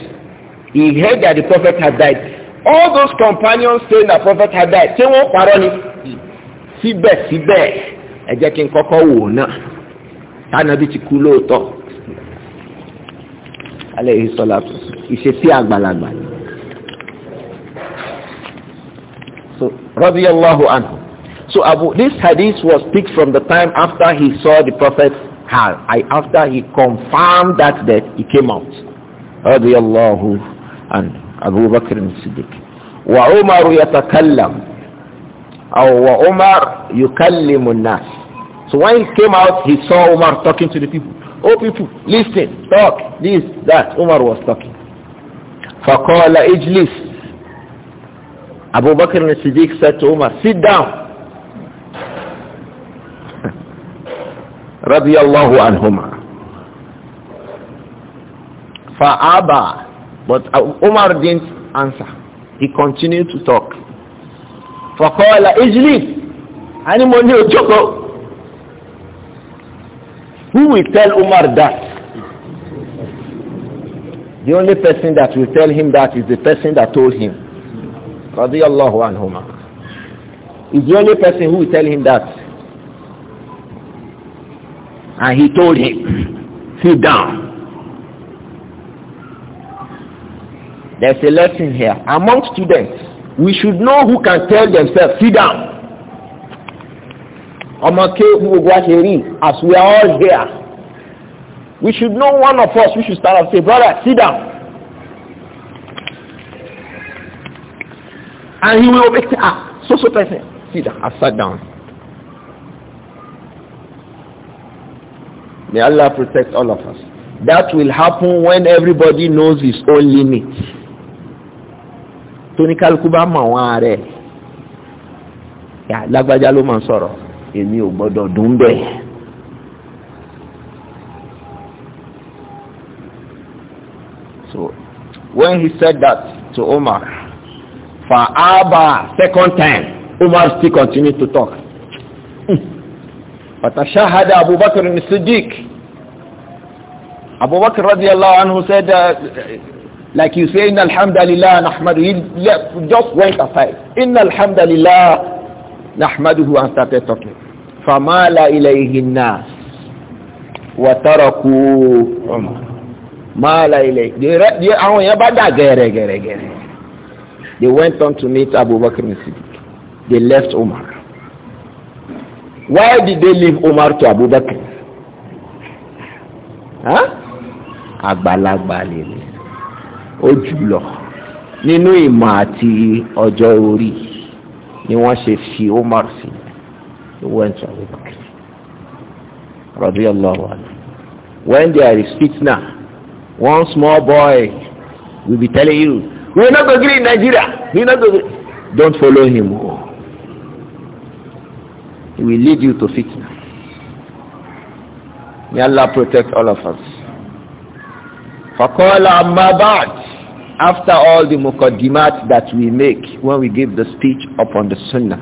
He heard that the prophet had died. All those companions saying that prophet had died. Ṣé wọ́n parọ́ ni? Síbẹ̀síbẹ̀ ẹ jẹ́ kí n kọ́kọ́ wò ó náà. Tánàbí ti kú lóòótọ́. Alẹ́ yìí sọ́lá ìṣesí àgbàlagbà. So, rọ́bíyàlláhu anhu. So Abu, this hadith was picked from the time after he saw the Prophet had. After he confirmed that death, he came out. Radiallahu and Abu Bakr al-Siddiq. وعمر يتكلم أو وعمر يكلم الناس. So when he came out, he saw Umar talking to the people. Oh people, listen, talk, this, that. Umar was talking. فقال اجلس. Abu Bakr al-Siddiq said to Umar, sit down. radiallahu anhuma. Fa'aba. But uh, Umar didn't answer. He continued to talk. فَقَالَ إِجْلِي أَنِمُنِي أُجُكُ Who will tell Umar that? The only person that will tell him that is the person that told him. رَضِيَ اللَّهُ عَنْهُمَا Is the only person who will tell him that and he told him, sit down. There's a lesson here. Among students, we should know who can tell themselves, sit down. As we are all here, we should know one of us, we should start and say, brother, sit down. And he will obey, ah, so so person, sit down, I sat down. May Allah protect all of us. That will happen when everybody knows his own limit. Tóníkálukú bá mọ̀ wọ́n ààrẹ. Lágbájá ló máa ń sọ̀rọ̀. Èmi ò gbọ́dọ̀ dùn bẹ́ẹ̀. So when he said that to Omar, for Abba second time, Omar still continued to talk. فتشهد ابو بكر الصديق ابو بكر رضي الله عنه said uh, like you say innal he just went aside innal hamdalillah nahmaduhu and started talking famala ilayhi an-nas wa taraku umar mala ilayhi they àwọn yẹn they went on to meet Abu Bakr al-Siddiq they left Umar Why did they leave Umar to Abu Bakr? Àgbàlagbà lèlè, ó jùlọ nínú ìmọ̀ àti ọjọ́ orí ni wọ́n ṣe fi Umar sí went to Abu Bakr. Radiyallahu anhu. When there is fitna, one small boy will be telling you, we are not going in Nigeria. We are not going Don't follow him. will lead you to fitna. May Allah protect all of us. فَقَالَ أَمَّا بَعْدِ After all the muqaddimat that we make when we give the speech upon the sunnah,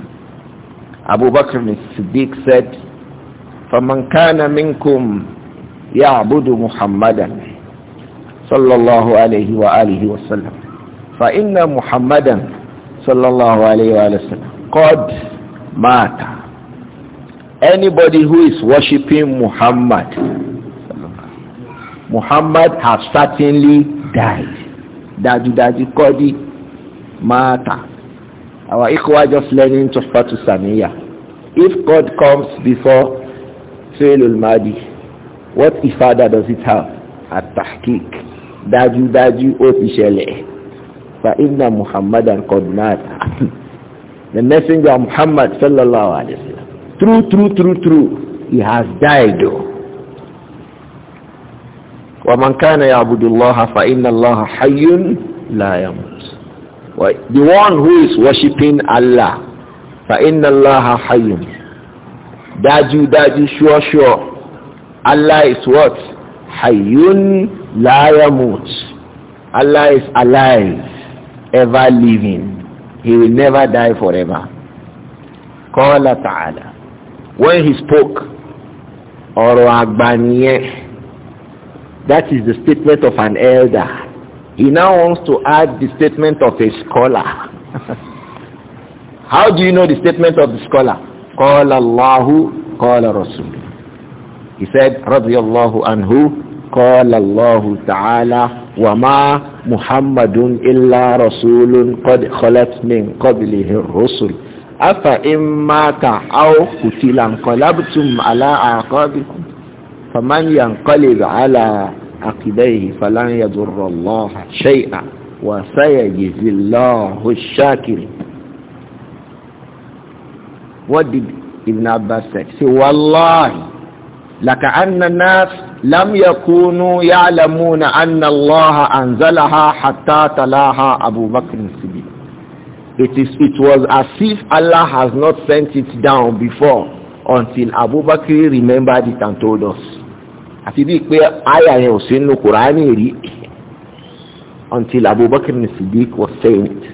Abu Bakr as-Siddiq said, فَمَنْ كَانَ مِنْكُمْ يَعْبُدُ مُحَمَّدًا صلى الله عليه وآله وسلم فإن محمدا صلى الله عليه وآله وسلم قد مات anybody who is worshiping Muhammad, Muhammad has certainly died. Daju Daju Kodi Mata. Our Ikhwa just learning to start to Samiya. If God comes before Failul Mahdi, what ifada does it have? At-tahqiq. Daju Daju Opishele. inna محمدا قد مات. The messenger Muhammad sallallahu alayhi wa True, true, true, true. He has died. وَمَنْ كَانَ يَعْبُدُ اللَّهَ فَإِنَّ اللَّهَ حَيٌّ لَا يَمُوتُ The one who is worshipping Allah, فَإِنَّ اللَّهَ حَيٌّ Daju, daju, sure, sure. Allah is what? حيٌ لا يموت. Allah is alive, ever living. He will never die forever. Qala تَعَالَى when he spoke ọ̀rọ̀ àgbà nìyẹn that is the statement of an elder he now wants to add the statement of a scholar how do you know the statement of the scholar قال Allahu, قال Rasul. he said رضي الله عنه قال الله تعالى وما محمد إلا رسول قد خلت من قبله الرسل afa in mata aw kutila nqalabtum ala aqabikum faman yanqalib عقبيه فلن يضر الله شيئا وسيجزي الله الشاكر What did Ibn Abbas say? Say, والله لكأن الناس لم يكونوا يعلمون أن الله أنزلها حتى تلاها أبو بكر الصديق It, is, it was as if Allah has not sent it down before until Abu Bakr remembered it and told us. until Abu Bakr Siddiq was saying it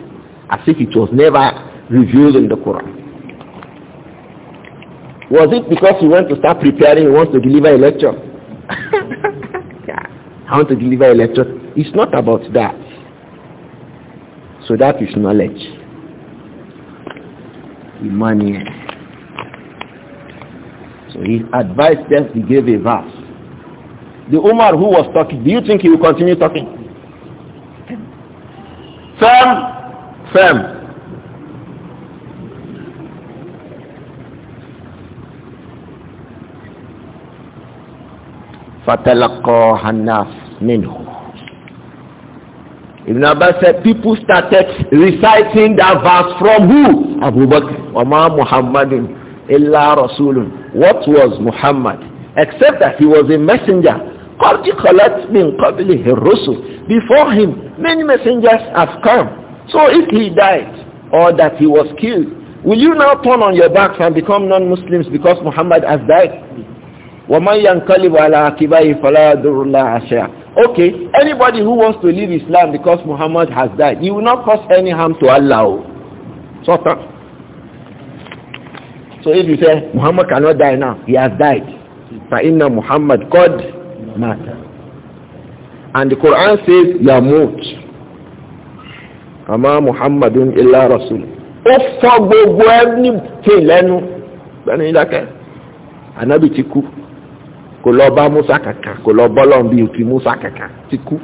as if it was never revealed in the Quran. Was it because he wants to start preparing, he wants to deliver a lecture? I want to deliver a lecture. It's not about that. So that is knowledge imani so he advised them he gave a verse the Umar who was talking do you think he will continue talking firm firm فتلقاها الناس minhu. Ibn Abbas said people started reciting that verse from who? Abu Bakr. وَمَا مُحَمَّدٌ إِلَّا رَسُولٌ What was Muhammad? Except that he was a messenger. قَدْ خَلَتْ مِنْ قَبْلِهِ Before him, many messengers have come. So if he died or that he was killed, will you now turn on your backs and become non-Muslims because Muhammad has died? وَمَنْ يَنْقَلِبْ عَلَىٰ عَقِبَيْهِ فَلَا يَضُرُّ اللَّهَ شَيْئًا okay, anybody who wants to leave Islam because Muhammad has died, he will not cause any harm to Allah. So. So if you say, Muhammad cannot die now, he has died. Inna Muhammad God matter. And the Quran says, Yamut. Ama Muhammadun illa Rasul. Ó fọ́ gbogbo ẹni tí lẹ́nu. Bẹ́ẹ̀ni ìdákẹ́, ànábì ti kú. Kò lọ bá Musa kankan, kò lọ bọ́lọ̀ bí òkè Musa kankan, ti kú.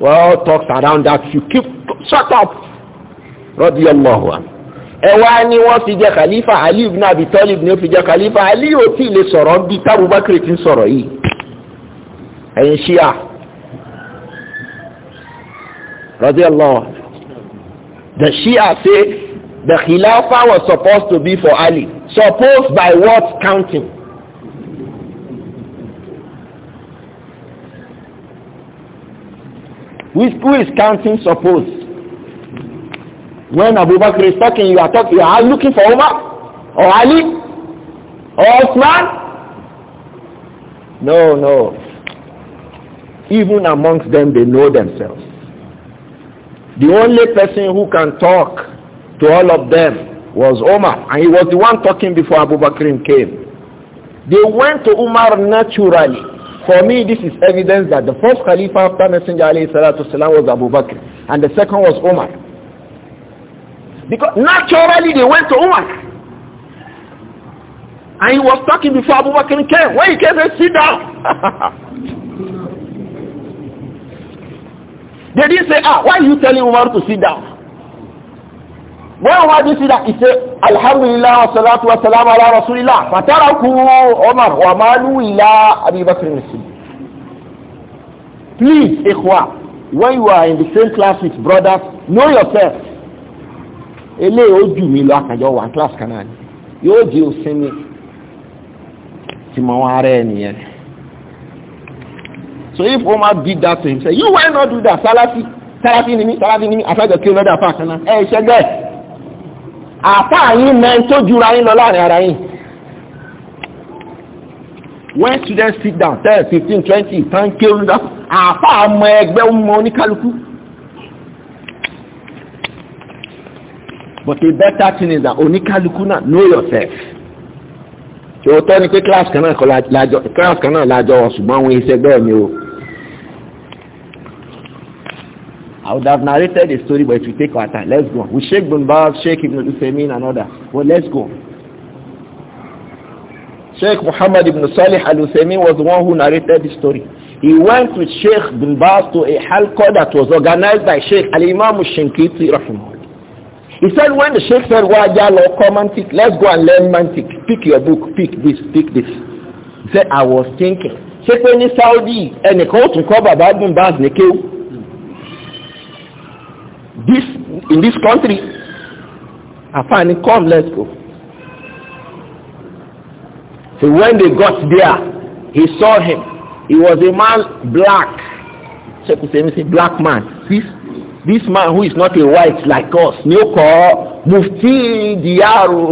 Well, talks around that, you keep, shut up. رضي الله ẹwà ni wọ́n fi jẹ́ khalifa ali ibn abi talib ni ó fi jẹ́ khalifa ali ò tí lè sọ̀rọ̀ bí tábùbákiri ti ń sọ̀rọ̀ yìí ẹ̀yin ṣíà radiyallahu the shia say the khilafa was supposed to be for ali supposed by what counting who who is counting supposed When Abu Bakr is talking, you are talking, you are looking for Umar or Ali or Osman. No, no. Even amongst them, they know themselves. The only person who can talk to all of them was Omar. And he was the one talking before Abu Bakr came. They went to Umar naturally. For me, this is evidence that the first Khalifa after Messenger Ali was Abu Bakr. And the second was Omar. Because naturally they went to Umar. And he was talking before Abu Bakr came. When he came, they sit down. they didn't say, ah, why are you telling Umar to sit down? When Umar did sit down, he said, Alhamdulillah wa salatu wa salam ala Rasulillah. Fataraku Umar wa malu ila Abu Bakr Please, ikhwa, when you are in the same class with brothers, know yourself eléyìí ó jù mí lọ àkànjọ wà kílàsì kan náà ni yóò di òsinmi tí mo wá rẹ nìyẹn so if Omar did that thing, say you why not do that salafi salafi ni mi salafi ni mi afẹ́jọ kí lọ́dọ̀ apá kan náà ẹ ṣẹ́ bẹ́ẹ̀ apá yín mẹ́rin tó jura yín lọ láàrin ara yín when students sit down ten fifteen twenty tán kéwòn Afa apá ọmọ ẹgbẹ́ ọmọ oníkálukú. but the better thing is that oníkálukú náà know yourself òótọ́ ni pé class kan náà kọ́ lájọ class kan náà lájọ wọn ṣùgbọ́n àwọn iṣẹ́ gbọ́ mi o. I would have narrated the story but if will take our time let's go we shake bumba shake ibn Uthaymeen and others well let's go. Sheikh Muhammad ibn Salih al-Uthaymeen was the one who narrated the story. He went with Sheikh bin to a halqa that was organized by Sheikh al-Imam al-Shinkiti rahimahullah. He said when the Sheikh said, come and pick? let's go and learn mantik. Pick your book, pick this, pick this. He said, I was thinking. Ṣé pé ní Saudi ẹnìkan ó tún kọ́ bàbá gùn bá ní kéwù? This in this country, àfààní come let's go. So when they got there, he saw him. He was a man black. Ṣé kò sẹ́mi sí black man? This this man who is not a white like us ni ó kọ́ mufti diyaru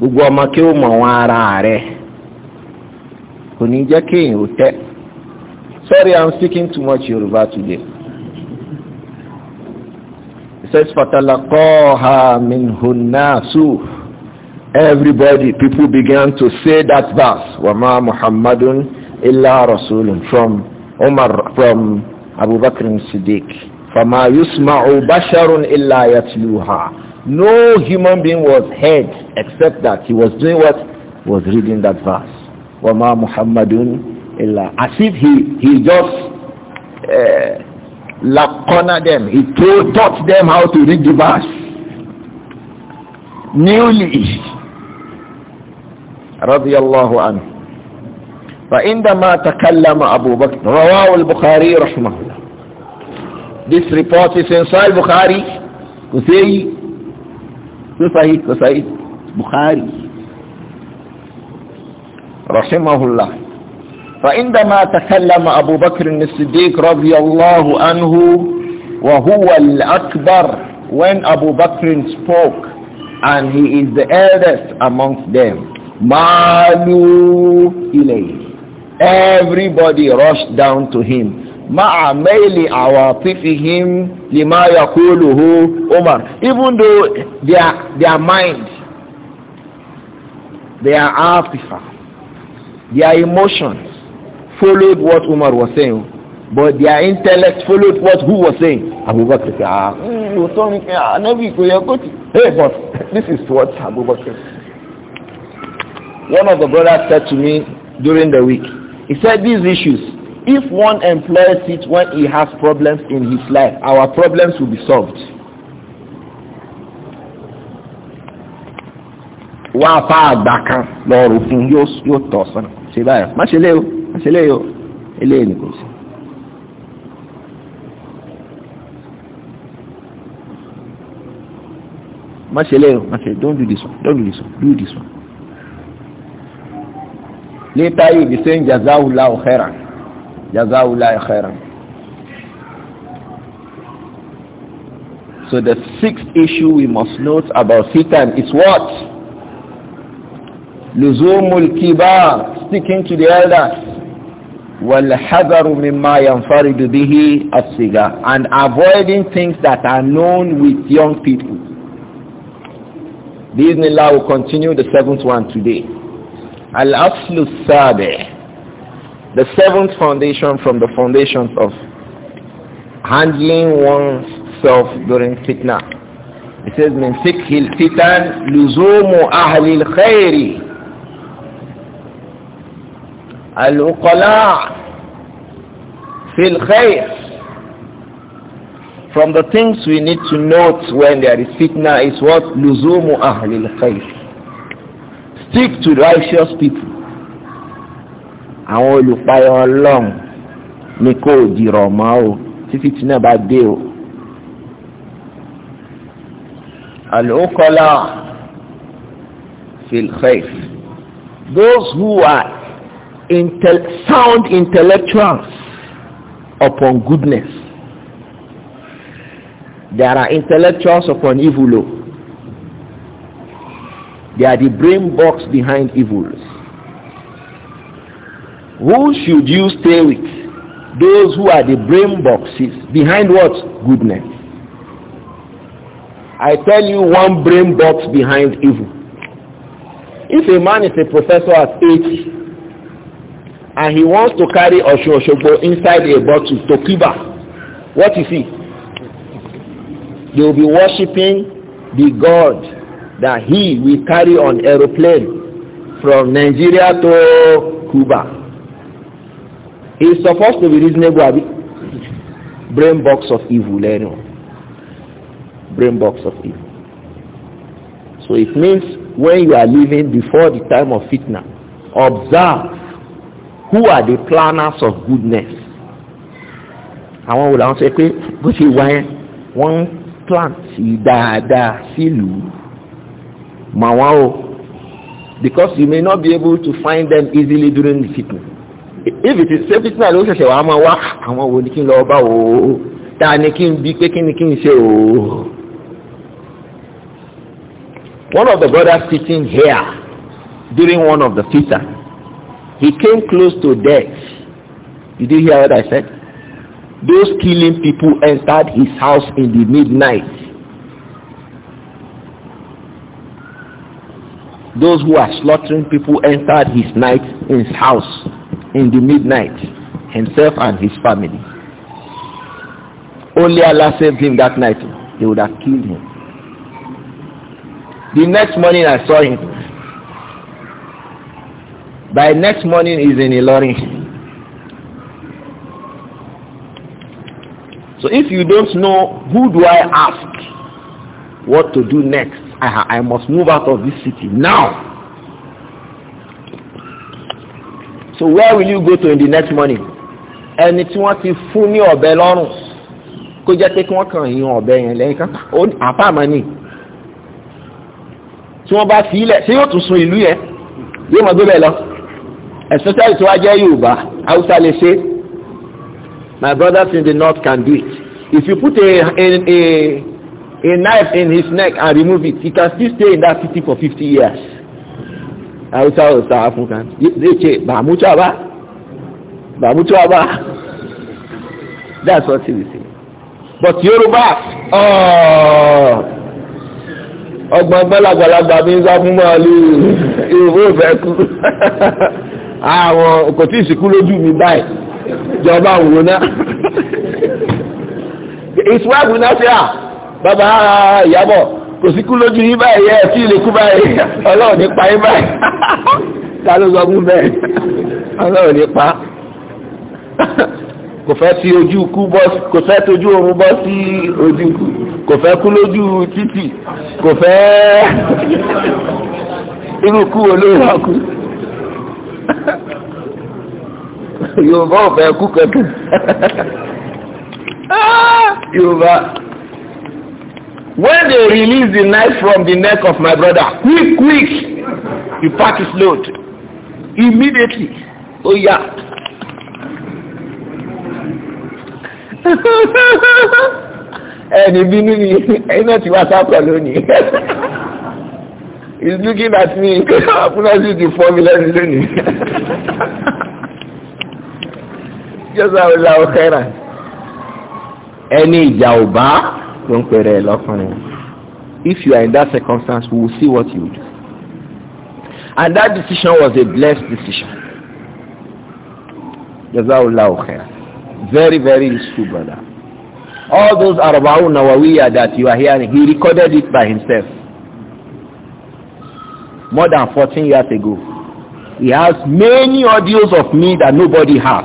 gbogbo ọmọ kí ó mọ̀ wọn ara rẹ̀ kò ní jẹ́ kéèyàn ò tẹ́ sorry i'm speaking too much Yoruba today it says fatalakọ́ha minhunnasu. everybody, people began to say that verse, وَمَا مُحَمَّدٌ إِلَّا رَسُولٌ from Umar, from Abu Bakr Siddiq. فَمَا يُسْمَعُ بَشَرٌ إِلَّا يَتْلُوهَا No human being was heard except that he was doing what? was reading that verse. وَمَا مُحَمَّدٌ إِلَّا As if he, he just... Uh, them. He told, taught them how to read the verse. Newly. رضي الله عنه فعندما تكلم أبو بكر رواه البخاري رحمه الله this report is in Sahih Bukhari ku sai ku Bukhari رحمه الله فعندما تكلم أبو بكر الصديق رضي الله عنه وهو الأكبر when Abu Bakr spoke and he is the eldest amongst them Malu ilayhi. Everybody rushed down to him. مع ميل عواطفهم لما يقوله Omar. Even though their, their mind, their afifa, their emotions followed what Umar was saying but their intellect followed what who was saying Abu Bakr said ah mm, ah, hey but this is what Abu One of the brothers said to me during the week, he said these issues, if one employs it when he has problems in his life, our problems will be solved. wọ́n apá àgbà kan lọ́ọ̀rù fún yóò tọ̀ sọ́nà ṣe báyìí má ṣe léyò má ṣe léyò eléyìí nìkan sí. má ṣe léyò má ṣe don't do this one don't do this one do this one. Later you'll be saying Jazawullah khairan. khairan. So the sixth issue we must note about fitan is what? Luzumul kibar, sticking to the elders. وَالْحَذَرُ مِمَّا يَنْفَرِدُ بِهِ And avoiding things that are known with young people. Bismillah will continue the seventh one today. Al-Aslu the seventh foundation from the foundations of handling oneself during fitna. It says, من Luzumu الفتن لزوم أهل الخير العقلاء في الخير From the things we need to note when there is fitna is what? لزوم أهل الخير stick to righteous people àwọn olùpayọ ọlọ́run ni kò dìrọ̀ mọ́ o títí tí náà bá dé o. al-uqala those who are intel sound intellectuals upon goodness there are intellectuals upon evil o. They are the brain box behind evils. Who should you stay with? Those who are the brain boxes behind what? Goodness. I tell you one brain box behind evil. If a man is a professor at 80 and he wants to carry Osho Oshogbo inside a bottle to what is he? They will be worshipping the God that he will carry on aeroplane from Nigeria to Cuba. He is supposed to be reasonable, abi? Brain box of evil, anyone. Eh, Brain box of evil. So it means when you are living before the time of fitna, observe who are the planners of goodness. Àwọn wòlò àwọn sọ pé bó ṣe wáyé wọ́n plant sí dáadáa sílùú mawao because you may not be able to find them easily during the fitna if it is say fitna ló ṣẹ̀ṣẹ̀ wàá máa wá àwọn wo ni kí n lọ bá o ta ni kí n bí pé kí ni kí n ṣe o. One of the brothers sitting here during one of the fitan he came close to death did you hear what I said those killing people entered his house in the midnight those who are slaughtering people entered his night in his house in the midnight, himself and his family. Only Allah saved him that night. They would have killed him. The next morning I saw him. By next morning he's in a lorry. So if you don't know who do I ask what to do next, I, I must move out of this city now. So where will you go to in the next morning? Ẹni tí wọ́n ti fún ní ọ̀bẹ lọ́rùn kó jẹ́ pé kí wọ́n kàn yín ọ̀bẹ yẹn lẹ́yìn kan àfàmọ́ ni. Tí wọ́n bá fi ilẹ̀ ṣé yóò tún sun ìlú yẹn? Yóò mọ̀ gbébẹ̀ lọ. Especially tí wọ́n jẹ́ Yorùbá, Hausa lè ṣe. My brothers in the north can do it. If you put a, a, a a knife in his neck and remove it, he can still stay in that city for 50 years. Hausa or South African. They say, Bamuchaba. Bamuchaba. That's what he will say. But Yoruba, oh, ọgbọ̀n gbọ́lagbàlagbà bí ń sá fún mọ́ọ̀lú ìwò ìfẹ́ kú àwọn kò tí ìsìnkú lójú mi báyìí jọba òun náà ìsìnkú àgùn náà ṣe à bàbá ìyàbọ̀ kò sí kú lójú yín báyìí ẹ̀ tí ilé kú báyìí ọlọ́run ní pa yín báyìí ta ló sọ fún bẹ́ẹ̀ ọlọ́run ní pa kò fẹ́ ti ojú kú bọ́ kò fẹ́ tojú oorun bọ́ sí ojú kú kò fẹ́ kú lójú títì kò fẹ́ irú kú olóòrà kú yorùbá ò fẹ́ kú kankan yorùbá when they release the knife from the neck of my brother quick quick the pack is load immediately oh yeah ẹni bínú ni ẹni náà ti wá sápẹ lónìí he's looking at me apology to form eleven lónìí jọ́sà ọ̀la ọ̀kẹ́rà ẹni ìjà ò bá tó ń pèrè if you are in that circumstance we will see what you do and that decision was a blessed decision jazakallahu khair very very useful brother all those arba'un nawawiya that you are hearing he recorded it by himself more than 14 years ago he has many audios of me that nobody has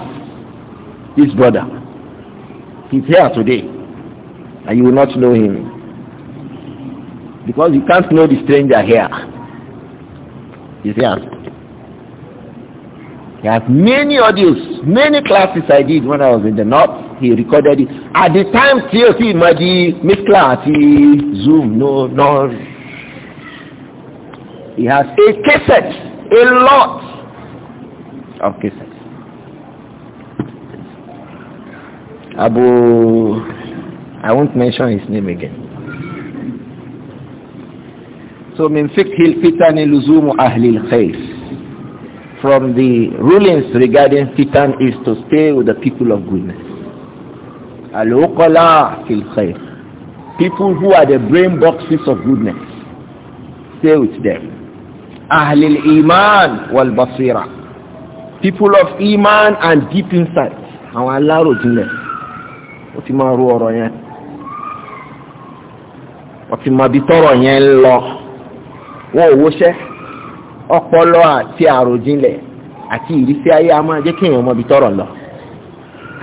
this brother he's here today and you will not know him. Because you can't know the stranger here. He's here. He has many audios, many classes I did when I was in the north. He recorded it. At the time, TOC Maji, Mikla, Zoom, no, no. He has a cassette, a lot of cassettes. Abu I won't mention his name again. So min fiqhil fitani luzumu ahli al From the rulings regarding fitan is to stay with the people of goodness. Al-uqala fil khayr. People who are the brain boxes of goodness. Stay with them. Ahli al-iman wal basira. People of iman and deep insight. Àwọn aláròjinlẹ̀. Ó ti máa ọ̀rọ̀ wọ́n ti tọ́rọ̀ yẹn ń lọ wọn ò wọṣẹ́ ọpọlọ àti àròjinlẹ̀ àti ìrísí ayé a máa jẹ́ kí èèyàn mọ tọ́rọ̀ lọ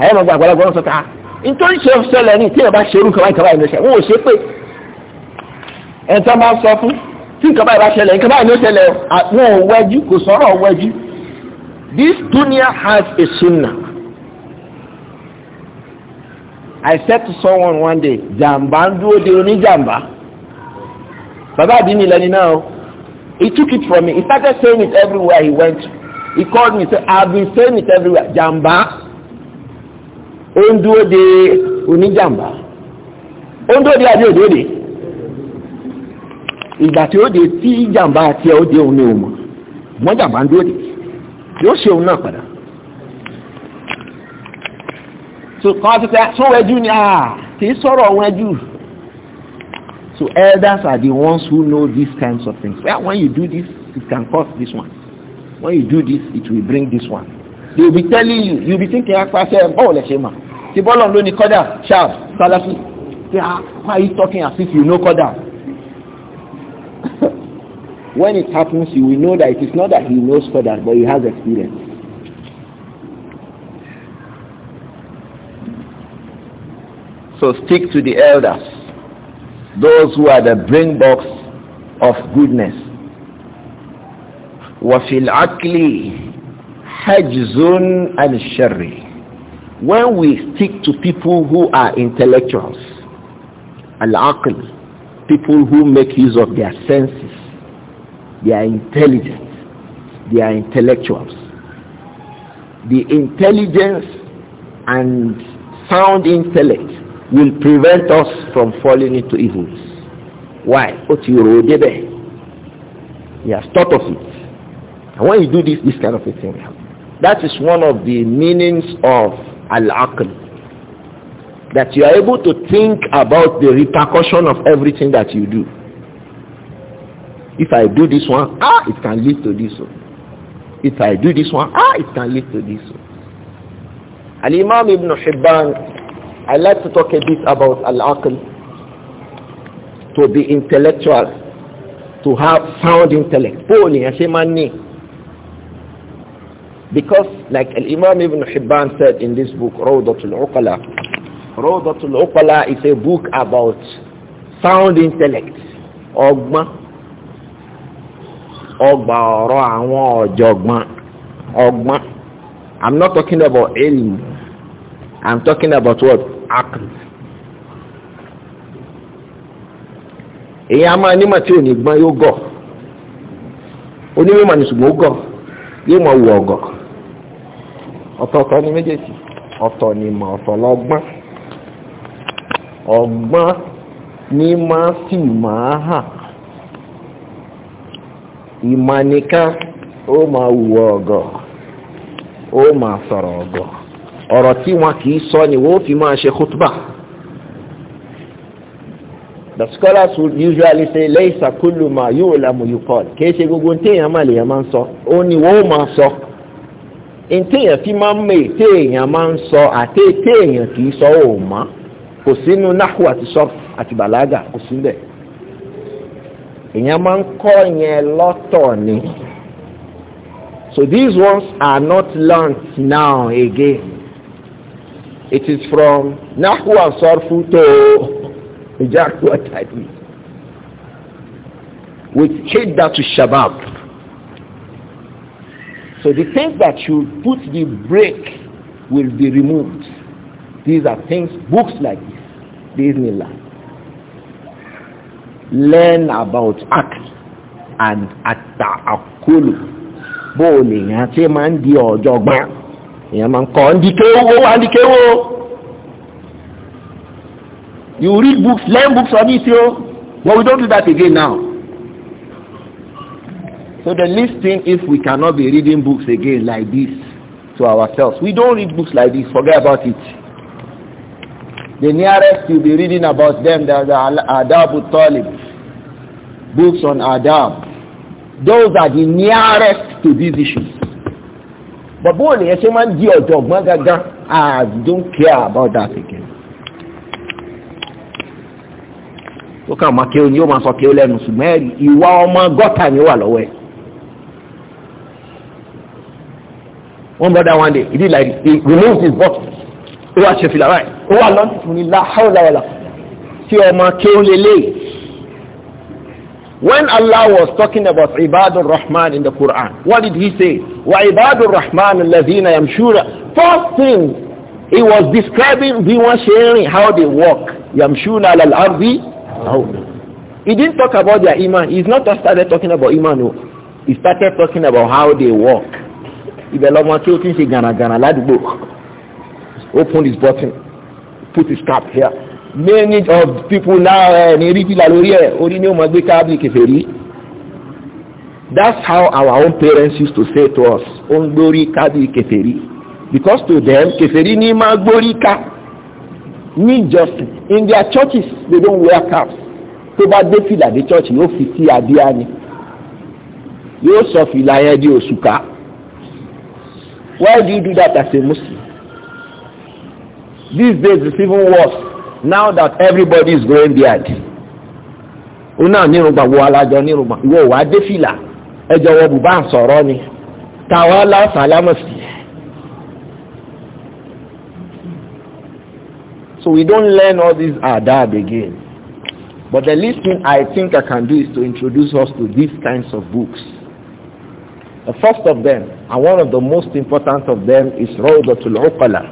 àyẹ̀ mọ̀ gbàgbọ́ lọ́gbọ́n sọ́ta ah, nítorí ṣe ṣẹlẹ̀ ní tí èèyàn bá ṣerú nǹkan báyìí kan báyìí wọn ò ṣe pé ẹ̀ tán bá sọ fún tí nǹkan báyìí bá ṣẹlẹ̀ nǹkan báyìí ló ṣẹlẹ̀ ah, wọn ò wẹ́jú kò sọ̀rọ̀ wẹ́jú This dunya has a sunnah I said to someone one day jàǹbá ń dúró de oníjàǹbá bàbá àbíní lẹni náà he took it from me he started saying it everywhere he went he called me say i been saying it everywhere Jamba. ó ń dúró de oníjàǹbá ó ń dúró de àbí òde òde ìgbà tí ó de tí jàǹbá àti ẹ̀ ó de òun ni òun mọ̀ mọ́ de yóò ṣe òun náà padà so kan ti sẹ́ sún ẹjú ni à ah, Ti í sọ̀rọ̀ So elders are the ones who know these kinds of things. Well, when you do this, it can cause this one. When you do this, it will bring this one. They will be telling you, you'll be thinking, oh, let's say, ma, bọ́lọ̀ ló ní kọ́dà ṣáàf sálásí tí a ah, why you talking as if you know koda? when it happens you will know that it is not that he knows koda, but he has experience. so stick to the elders those who are the bring box of goodness وفي العقل حجز الشر when we stick to people who are intellectuals al people who make use of their senses they are intelligent they are intellectuals the intelligence and sound intellect will prevent us from falling into evils. Why? He has thought of it. And when you do this, this kind of a thing That is one of the meanings of al-aql. That you are able to think about the repercussion of everything that you do. If I do this one, ah, it can lead to this one. If I do this one, ah, it can lead to this one. Al-Imam Ibn Hibban I like to talk a bit about al-aql, to be intellectual, to have sound intellect. Because like imam Ibn Hibban said in this book, Rawdatul Uqala, Rawdatul Uqala is a book about sound intellect, ọgbọ́n, ọgbà ọ̀rọ̀ ọgbọ́n. I'm not talking about ilm. I'm talking about what? akl èyàn a máa nímọ̀ tí ò ní gbọ́n yóò gọ̀ onímọ̀ ní ṣùgbọ́n ó gọ̀ yóò mọ̀ wù ọ̀gọ̀ ọ̀tọ̀ọ̀tọ̀ ní méjèèjì ọ̀tọ̀ ní mọ̀ ọ̀tọ̀ lọ́gbọ́n ọ̀gbọ́n ní máa sì máa hàn ìmọ̀ nìkan ó máa wù ọ̀gọ̀ ó máa sọ̀rọ̀ ọ̀gọ̀ ọ̀rọ̀ tí wọn kì í sọ ni wọ́n fi máa ṣe khutbah the scholars would usually say leisa kullu ma yu'lamu yuqal kìí ṣe gbogbo téèyàn máa lèèyàn máa ń sọ ó ní wọ́n máa sọ téèyàn fi máa ń mè téèyàn máa ń sọ àti téèyàn kì í sọ ò mọ́ kò sínú nahwu àti sọ́ọ̀f àti bàlágà kò síbẹ̀ èèyàn máa ń kọ́ yẹn lọ́tọ̀ ni so these ones are not learnt now again It is from Nahwu and Sarfu to Hijab to Atadwi. With that to Shabab. So the things that you put the brake will be removed. These are things, books like this, Disneyland. Learn about act and at-ta'akulu. Bóòlù yẹn ti ojogba èèyàn máa ń kọ́ ndikewo wà ndikewo you read books learn books on it o but we don't do that again now so the least thing if we cannot be reading books again like this to ourselves we don't read books like this forget about it the nearest you'll be reading about them there's the Adab Talib books on Adab those are the nearest to these issues but bó ni ẹ ṣe máa ń di ọ̀jọ̀gbọ́n gangan i ah, don't care about that again. ó kàn máa kí o ní ó máa sọ kí o lẹ́nu ṣùgbọ́n ìwà ọmọ gọ́tà ni ó wà lọ́wọ́ ẹ̀. one brother one day he did like he removed his bottle ó wá ṣe fìlà báyìí ó wà lọ́nà ìfúnni láhàó láyàlá tí ọmọ kí o lè léyìí. When Allah was talking about Ibadur Rahman in the Quran, what did he say? وَعِبَادُ الرَّحْمَنِ الَّذِينَ yamshura. First thing, he was describing we were sharing how they walk. يَمْشُونَ عَلَى الْأَرْضِ He didn't talk about their iman. He's not just started talking about iman. No. He started talking about how they walk. Ibẹ̀ lọ́mọ tí ó ti ń ṣe se the book. Open his button. Put his cap here. many of people lára ẹ̀ eh, ní rí fìlà lórí ẹ̀ orí ni ó gbé káàbì kèfèrí that's how our own parents used to say to us ó ń gbórí káàbì kèfèrí because to them kèfèrí ní máa gbórí ká ní ìjọsìn in their churches they don't wear caps tó bá dé fìlà dé church yóò fi sí adíá ni yóò sọ fìlà yẹn di òṣùká why do you do that as a muslim these days it's even worse now that everybody is growing beard òun náà nírùngbà wo alájọ nírùngbà wo wàá dé fìlà ẹjọ wọ bùbá ń ni tàwa láǹfà lámọ̀sí. So we don't learn all these adab again. But the least thing I think I can do is to introduce us to these kinds of books. The first of them, and one of the most important of them, is Rawdatul Uqala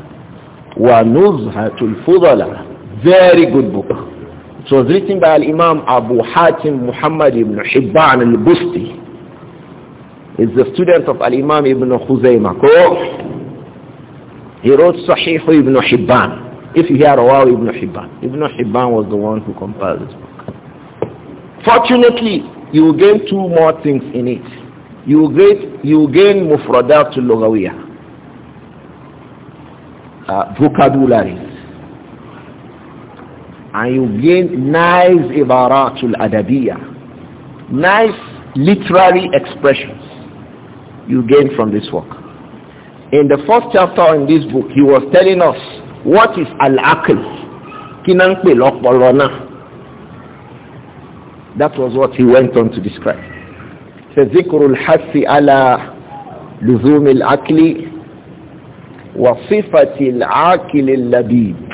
wa Nuzhatul Fudala Very good book. It was written by Imam Abu Hatim Muhammad ibn Hibban al-Busti. He's the student of Al-Imam ibn Khuzaymah. He wrote Sahih ibn Hibban. If you hear Rawawi ibn Hibban. Ibn Hibban was the one who compiled this book. Fortunately, you will gain two more things in it. You will gain, you will gain mufradatul lugawiyah. Uh, vocabulary and you gain nice ibaratul adabiyah, nice literary expressions you gain from this work. In the first chapter in this book, he was telling us what is al-aql, kinanpe lọ́pọlọ That was what he went on to describe. فذكر الحث على لزوم al وصفة al اللبيب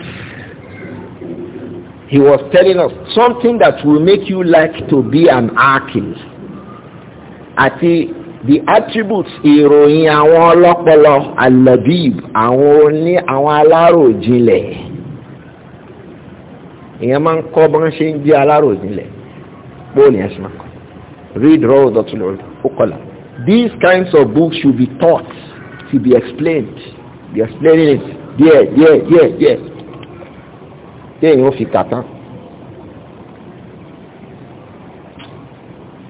he was telling us something that will make you like to be an akil àti the attributes ìròyìn àwọn ọlọ́pọlọ alabib àwọn oní àwọn aláròjinlẹ̀ èèyàn máa ń kọ́ bọ́n ṣe ń jẹ́ aláròjinlẹ̀ bóòlù yẹn ṣe kọ́ read raw dot lord okola these kinds of books should be taught to be explained be explaining it there there there there téèyàn ó fi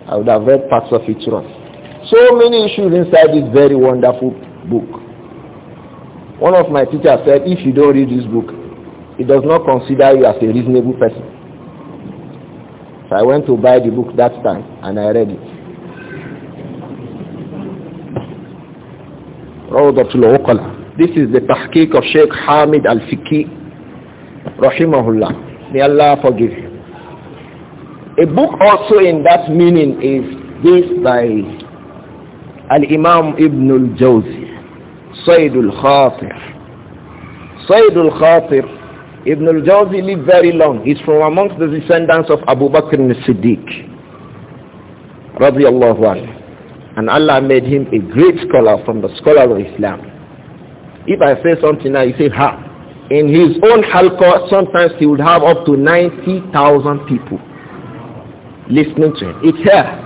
I would have read parts of it wrong. So many issues inside this very wonderful book. One of my teachers said, if you don't read this book, it does not consider you as a reasonable person. So I went to buy the book that time and I read it. This is the tahqiq of Sheikh Hamid Al-Fiqi rahimahullah may Allah forgive him a book also in that meaning is this by al-imam ibn al-jawzi sayyid al-khatir sayyid al-khatir ibn al-jawzi lived very long he's from amongst the descendants of abu bakr as-siddiq radiyallahu anhu and Allah made him a great scholar from the scholar of Islam if I say something now you say ha in his own halqa, sometimes he would have up to 90,000 people listening to him. It's here.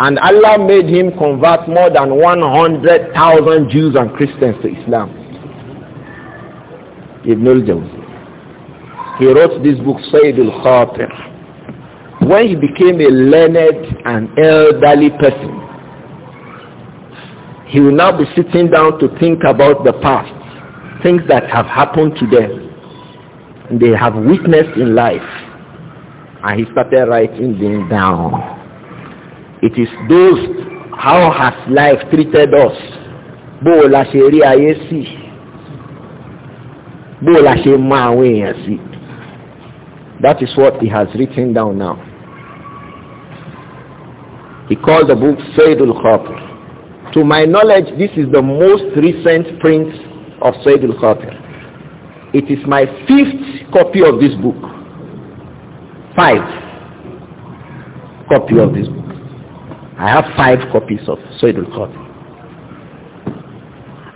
And Allah made him convert more than 100,000 Jews and Christians to Islam. Ibn al-Jawzi. He wrote this book, Sayyid al-Khatir. When he became a learned and elderly person, he will now be sitting down to think about the past, things that have happened to them, and they have witnessed in life. And he started writing them down. It is those, how has life treated us? That is what he has written down now. He called the book Sayyidul Khatir. To my knowledge, this is the most recent print of Sayyid al-Khatir. It is my fifth copy of this book. Five copy of this book. I have five copies of Sayyid al-Khatir.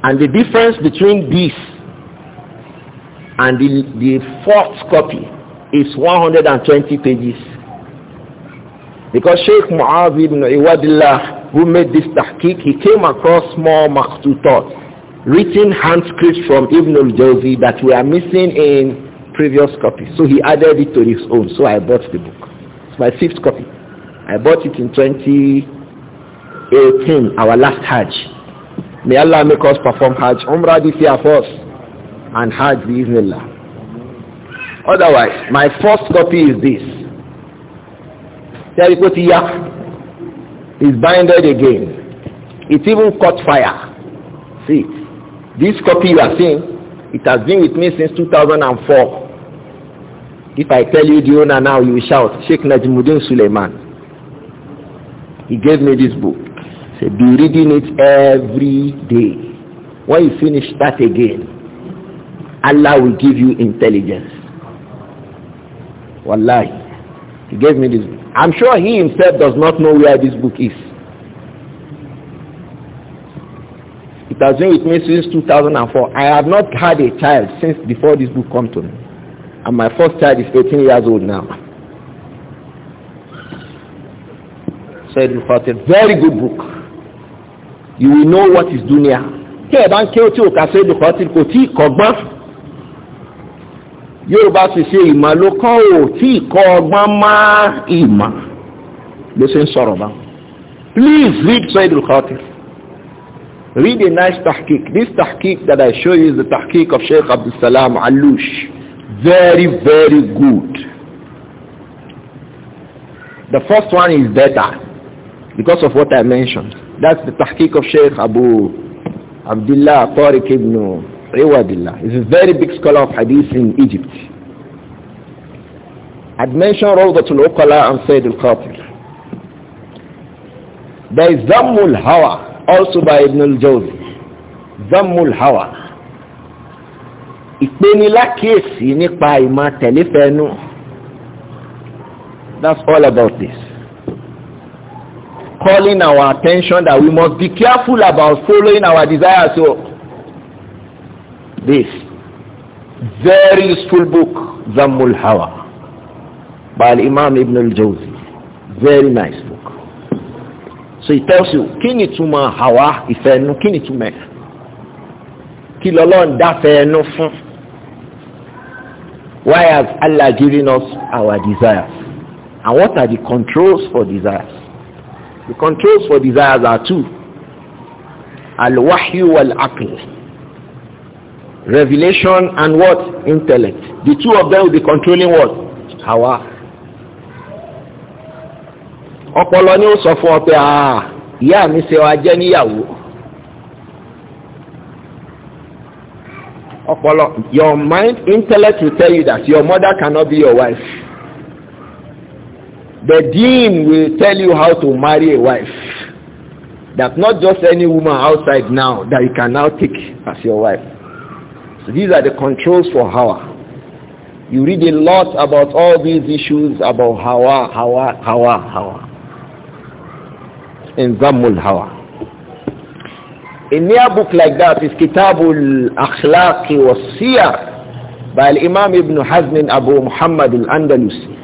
And the difference between this and the, the fourth copy is 120 pages because Sheikh Mu'adh ibn Iwadillah, who made this tahqiq, he came across small maqtutat, written handscripts from Ibn al-Jawzi that were missing in previous copies. So he added it to his own. So I bought the book. It's my fifth copy. I bought it in 2018, our last Hajj. May Allah make us perform Hajj. Umrah this year for us. And Hajj, Bismillah. Otherwise, my first copy is this. tẹ́rí kó ti yá is binded again it even caught fire see this copy you are seeing it has been with me since 2004 if I tell you the owner now you will shout Sheikh Najmudin Suleiman he gave me this book he said be reading it every day when you finish that again Allah will give you intelligence wallahi he gave me this book I'm sure he himself does not know where this book is. It has been with me since 2004. I have not had a child since before this book come to me. And my first child is 18 years old now. Said "A very good book. You will know what is dunya. Tí ń ké tí ò kà sí Mufatir kò tí ì yorùbá sì ṣe ìmọ̀ ló kọ́ ò tí ìkọ́ ọgbọ́n má ìmọ̀ ló ṣe ń sọ̀rọ̀ bá please read Sayyid al-Khatir read a nice tahqiq this tahqiq that I show you is the tahqiq of Sheikh Abdul Salam Alush very very good the first one is better because of what I mentioned that's the tahqiq of Sheikh Abu Abdullah Tariq ibn Rewa Billah is a very big scholar of hadith in Egypt. I'd mentioned Rawdatul Uqala and Sayyid al-Qatir. There is Zammul Hawa, also by Ibn al-Jawzi. Zammul Hawa. Ìpenilákèésí nípa ìmọ̀ tẹ̀lé fẹ́nu. That's all about this. Calling our attention that we must be careful about following our desires. So, this very useful book Zammul Hawa by Imam Ibn al-Jawzi very nice book so he tells you "Kini tuma hawa ifenu, kini tuma, ni túmọ̀ ẹ̀ kí lọ́lọ́run why has Allah given us our desires and what are the controls for desires the controls for desires are two al-wahyu wal-aql Revelation and what? Intellect. The two of them will be controlling what? Our. Ọpọlọ ni ó sọ fún ọ pé ah, ìyá mi ṣe wa jẹ́ níyàwó. Ọpọlọ your mind intellect will tell you that your mother cannot be your wife. The dean will tell you how to marry a wife. That not just any woman outside now that you can now take as your wife. So these are the controls for Hawa. You read a lot about all these issues about Hawa, Hawa, Hawa, Hawa. In Zammul Hawa. A near book like that is Kitabul Akhlaq wa Siyar by Imam Ibn Hazm Abu Muhammad Al-Andalusi.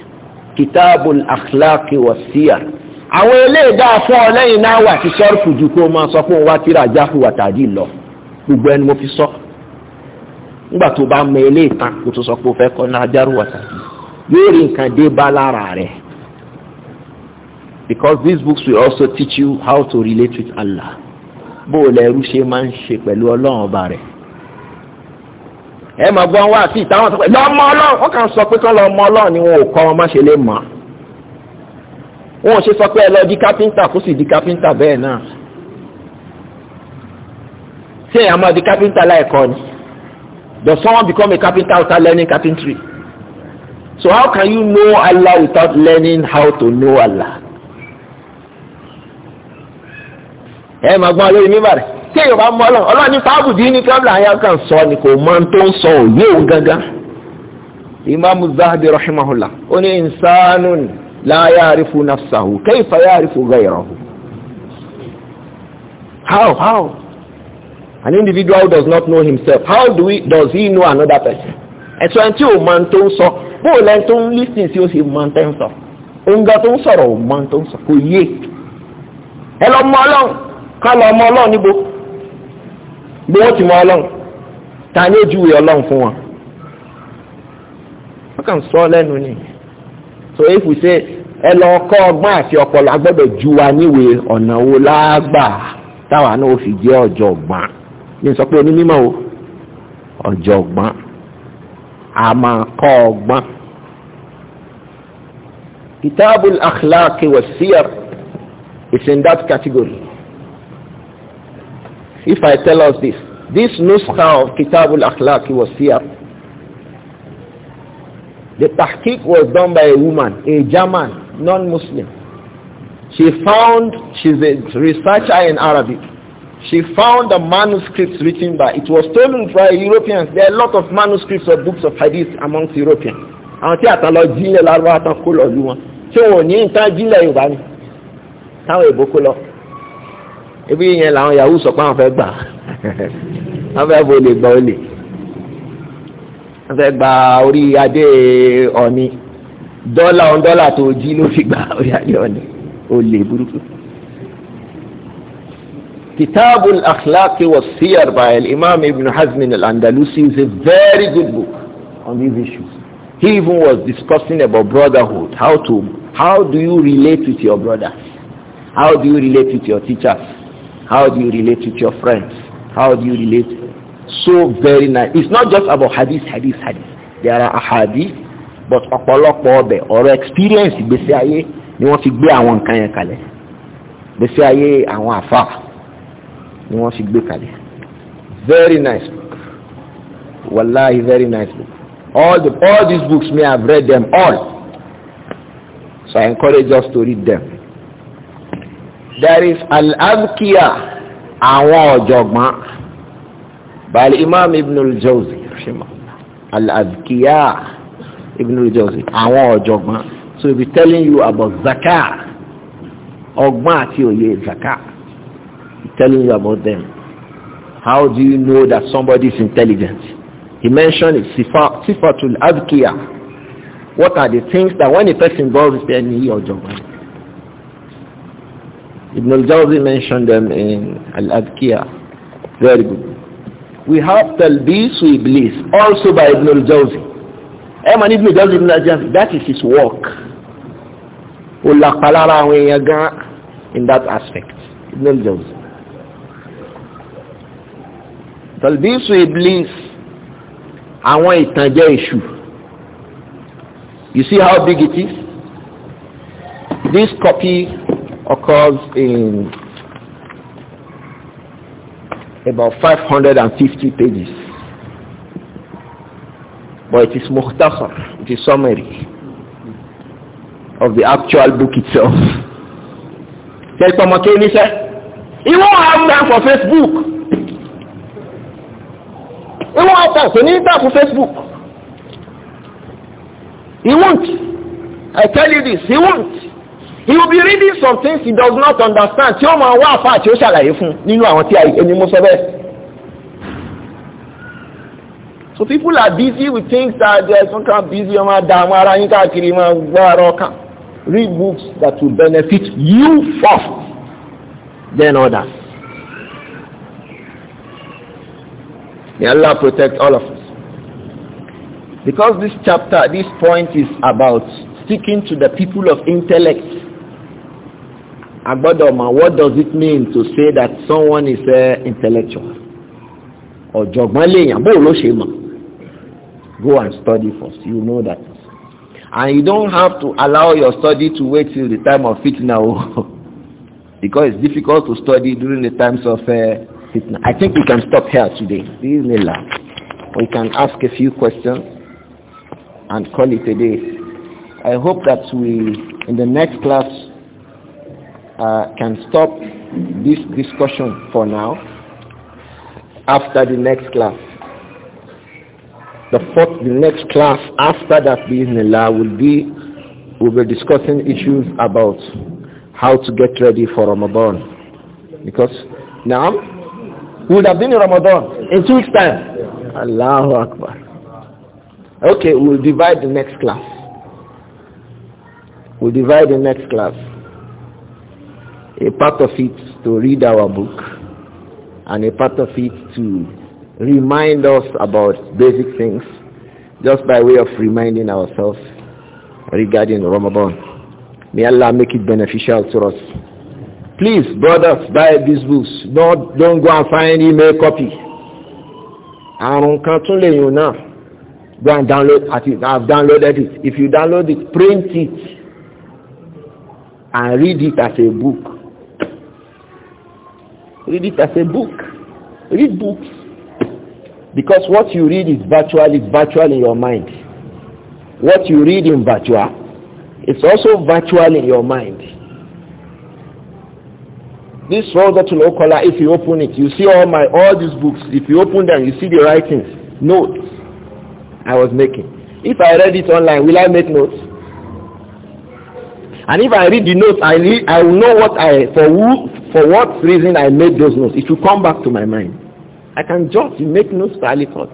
Kitabul Akhlaq wa Siyar. àwọn eléyìí dáa fún ọ lẹ́yìn náà wà tí sọ́ọ̀fù jù kó máa sọ fún wa tíra jáfù wàtàdí lọ gbogbo ẹni mo fi sọ. so nígbà tó bá mọ ilé ìtàn kó tó sọ pé o fẹ́ kọ́ náà ajárò wọ̀tà yóò rí nǹkan dé bá lára rẹ̀ because these books will also teach you how to relate with Allah bó o lẹ́rú ṣe máa ń ṣe pẹ̀lú ọlọ́run ọba rẹ̀ ẹ máa gbọ́n wá sí ìtàwọn sọ pé lọ́mọ ọlọ́run wọ́n kàn sọ pé kán lọ́mọ ọlọ́run ni wọn ò kọ́ wọn má ṣe lè mọ̀ wọn ò ṣe sọ pé ẹ lọ di kápẹ́ńtà kó sì di kápẹ́ńtà bẹ́ẹ̀ náà ṣé àmọ́ di kápẹ́ńtà láìkọ́ ni. Does someone become a carpenter without learning carpentry? So how can you know Allah without learning how to know Allah? Ẹ máa gbọ́n lórí mímọ̀ rẹ̀. Tí èèyàn bá mú ọlọ́run, ọlọ́run ní fáàbùdí ní kábìlà ayé kan sọ ni kò mọ tó ń sọ òye òun gangan. Imam Zahabi rahimahullah, ó ní insanun la ya'rifu nafsahu, kayfa ya'rifu ghayrahu? How, how? An individual does not know himself. How do we, does he know another person? Ẹ̀sọ́ ẹni tí ò máa ń tó ń sọ, bóò lẹ́ni tó ń lísìn sí ó sì máa ń tẹ́ ń sọ. Oúnjẹ tó ń sọ̀rọ̀ ò máa ń tó ń sọ kò yé. Ẹ lọ mọ Ọlọ́run, ká lọ mọ Ọlọ́run níbo. Bí wọ́n ti mọ Ọlọ́run, ta ni ó Ọlọ́run fún wọn? Wọ́n kàn sọ lẹ́nu ni. So if we say ẹ lọ kọ́ ọgbọ́n àti ọpọlọ agbọ́dọ̀ ju wa níwèé ọ̀nà wo lágbà táwa náà ó fi jẹ́ ọ̀jọ̀gbọ́n. ní sọ pé onímọ̀ o ọ̀jọ̀gbọ́n a máa kọ́ ọgbọ́n. kitabul akhlaq wa siyar is in that category. If I tell us this, this nuskha of kitabul akhlaq wa siyar the tahqiq was done by a woman, a German, non-Muslim. She found, she's a researcher in Arabic. She found the manuscripts written by, it was stolen by Europeans. There are a lot of manuscripts or books of hadith amongst Europeans. Àwọn tí àtàlọ́ jílẹ̀ lárúbá àtàn kó lọ lú wọn. Tí wọn ò ní ìtàn jílẹ̀ Yorùbá ni. Táwọn èbó kó lọ. Ebi yẹn làwọn Yahoo sọ pé àwọn fẹ́ gbà. Wọ́n fẹ́ bo olè gba olè. Wọ́n fẹ́ gba orí adé ọ̀ni. Dọ́là ọ̀n dọ́là tó jí ló fi gba orí adé ọ̀ni. Olè burúkú. كتاب الأخلاق والسير by الإمام ابن حزم الأندلسي is a very good book on these issues. He even was discussing about brotherhood, how to, how do you relate with your brothers? How do you relate with your teachers? How do you relate with your friends? How do you relate? So very nice. It's not just about hadith, hadith, hadith. There are hadith, but ọ̀pọ̀lọpọ̀ ọbẹ̀ ọ̀rọ̀ experience ìgbésí ayé ni wọ́n ti gbé àwọn nǹkan yẹn kalẹ̀. Ìgbésí ayé àwọn àfáà. ni wọ́n fi gbé kalẹ̀ very nice book wallahi very nice book all the all these books may have read them all so I encourage us to read them there is al-abkiya àwọn ọ̀jọ̀gbọ́n bal imam ibn al-jawzi al-abkiya ibn al-jawzi àwọn ọ̀jọ̀gbọ́n so he be telling you about Zakat. ọgbọ́n àti òye Zakat telling you about them. How do you know that somebody is intelligent? He mentioned it, sifatul adkiya. What are the things that when a person involves their knee or Jawban? Ibn al-Jawzi mentioned them in Al-Adkiya. Very good. We have Talbis Iblis, also by Ibn al-Jawzi. Eman Ibn al Ibn al-Jawzi, that is his work. Ulakalara in that aspect. Ibn al-Jawzi. talbisu iblis àwọn ìtànjẹ èṣù you see how big it is this copy occurs in about 550 pages but it is muhtasar, it is summary of the actual book itself tẹ́lifọ̀mọ́ tó níṣẹ́ he won't have time for facebook ìwọ ọ̀tà kò ní tàkù facebook he won't i tell you this he won't he will be reading some things he does not understand tí ó máa wá àfáà tí ó ṣàlàyé fún nínú àwọn tí èmi mo sọ bẹ́ẹ̀. so people are busy with things that they are so kind busy ọmọ dààmú ara yín káàkiri máa gbọ́ ara ọkàn read books that will benefit you first then others. May Allah protect all of us. Because this chapter, this point is about sticking to the people of intellect. Agbadoma, what does it mean to say that someone is uh, intellectual? Or lèèyàn bóò Go and study first, you know that. And you don't have to allow your study to wait till the time of fitna oh. because it's difficult to study during the times of uh, fitna. I think we can stop here today. We can ask a few questions and call it a day. I hope that we, in the next class, uh, can stop this discussion for now after the next class. The, fourth, the next class after that, Bismillah, will be we'll be discussing issues about how to get ready for Ramadan. Because now we would have been in Ramadan in two weeks' time. Allahu Akbar. Okay, we'll divide the next class. We'll divide the next class. A part of it to read our book and a part of it to remind us about basic things just by way of reminding ourselves regarding Ramadan. May Allah make it beneficial to us. Please, brothers, buy these books. No, don't go and find email copy. Àrùn kan tún lè yùn náà. Go and download at it. I've downloaded it. If you download it, print it and read it as a book. Read it as a book. Read books. Because what you read is virtual, is virtual in your mind. What you read in virtual, it's also virtual in your mind This Rawdatul Okola, if you open it, you see all my, all these books. If you open them, you see the writings, notes I was making. If I read it online, will I make notes? And if I read the notes, I, read, I will know what I, for who, for what reason I made those notes. It will come back to my mind. I can just make notes for thought.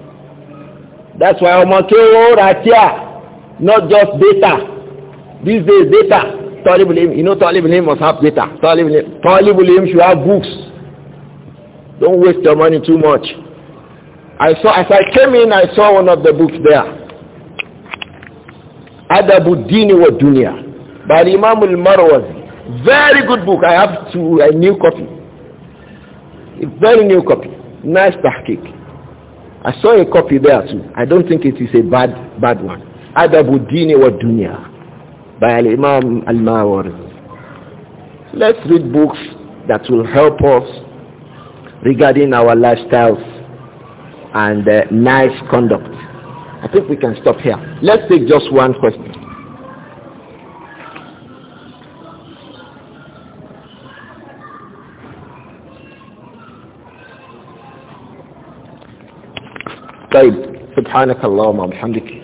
That's why I'm a right here, not just data. These days, data. Talibul you know Talibul Ilm must have data. Talibul Ilm, should have books. Don't waste your money too much. I saw, as I came in, I saw one of the books there. Adabu Dini wa Dunya by Imam al-Marwazi. Very good book. I have to, a new copy. A very new copy. Nice tahqiq. I saw a copy there too. I don't think it is a bad, bad one. Adabu Dini wa Dunya by Imam Al-Mawardi. Let's read books that will help us regarding our lifestyles and uh, nice conduct. I think we can stop here. Let's take just one question. طيب سبحانك اللهم وبحمدك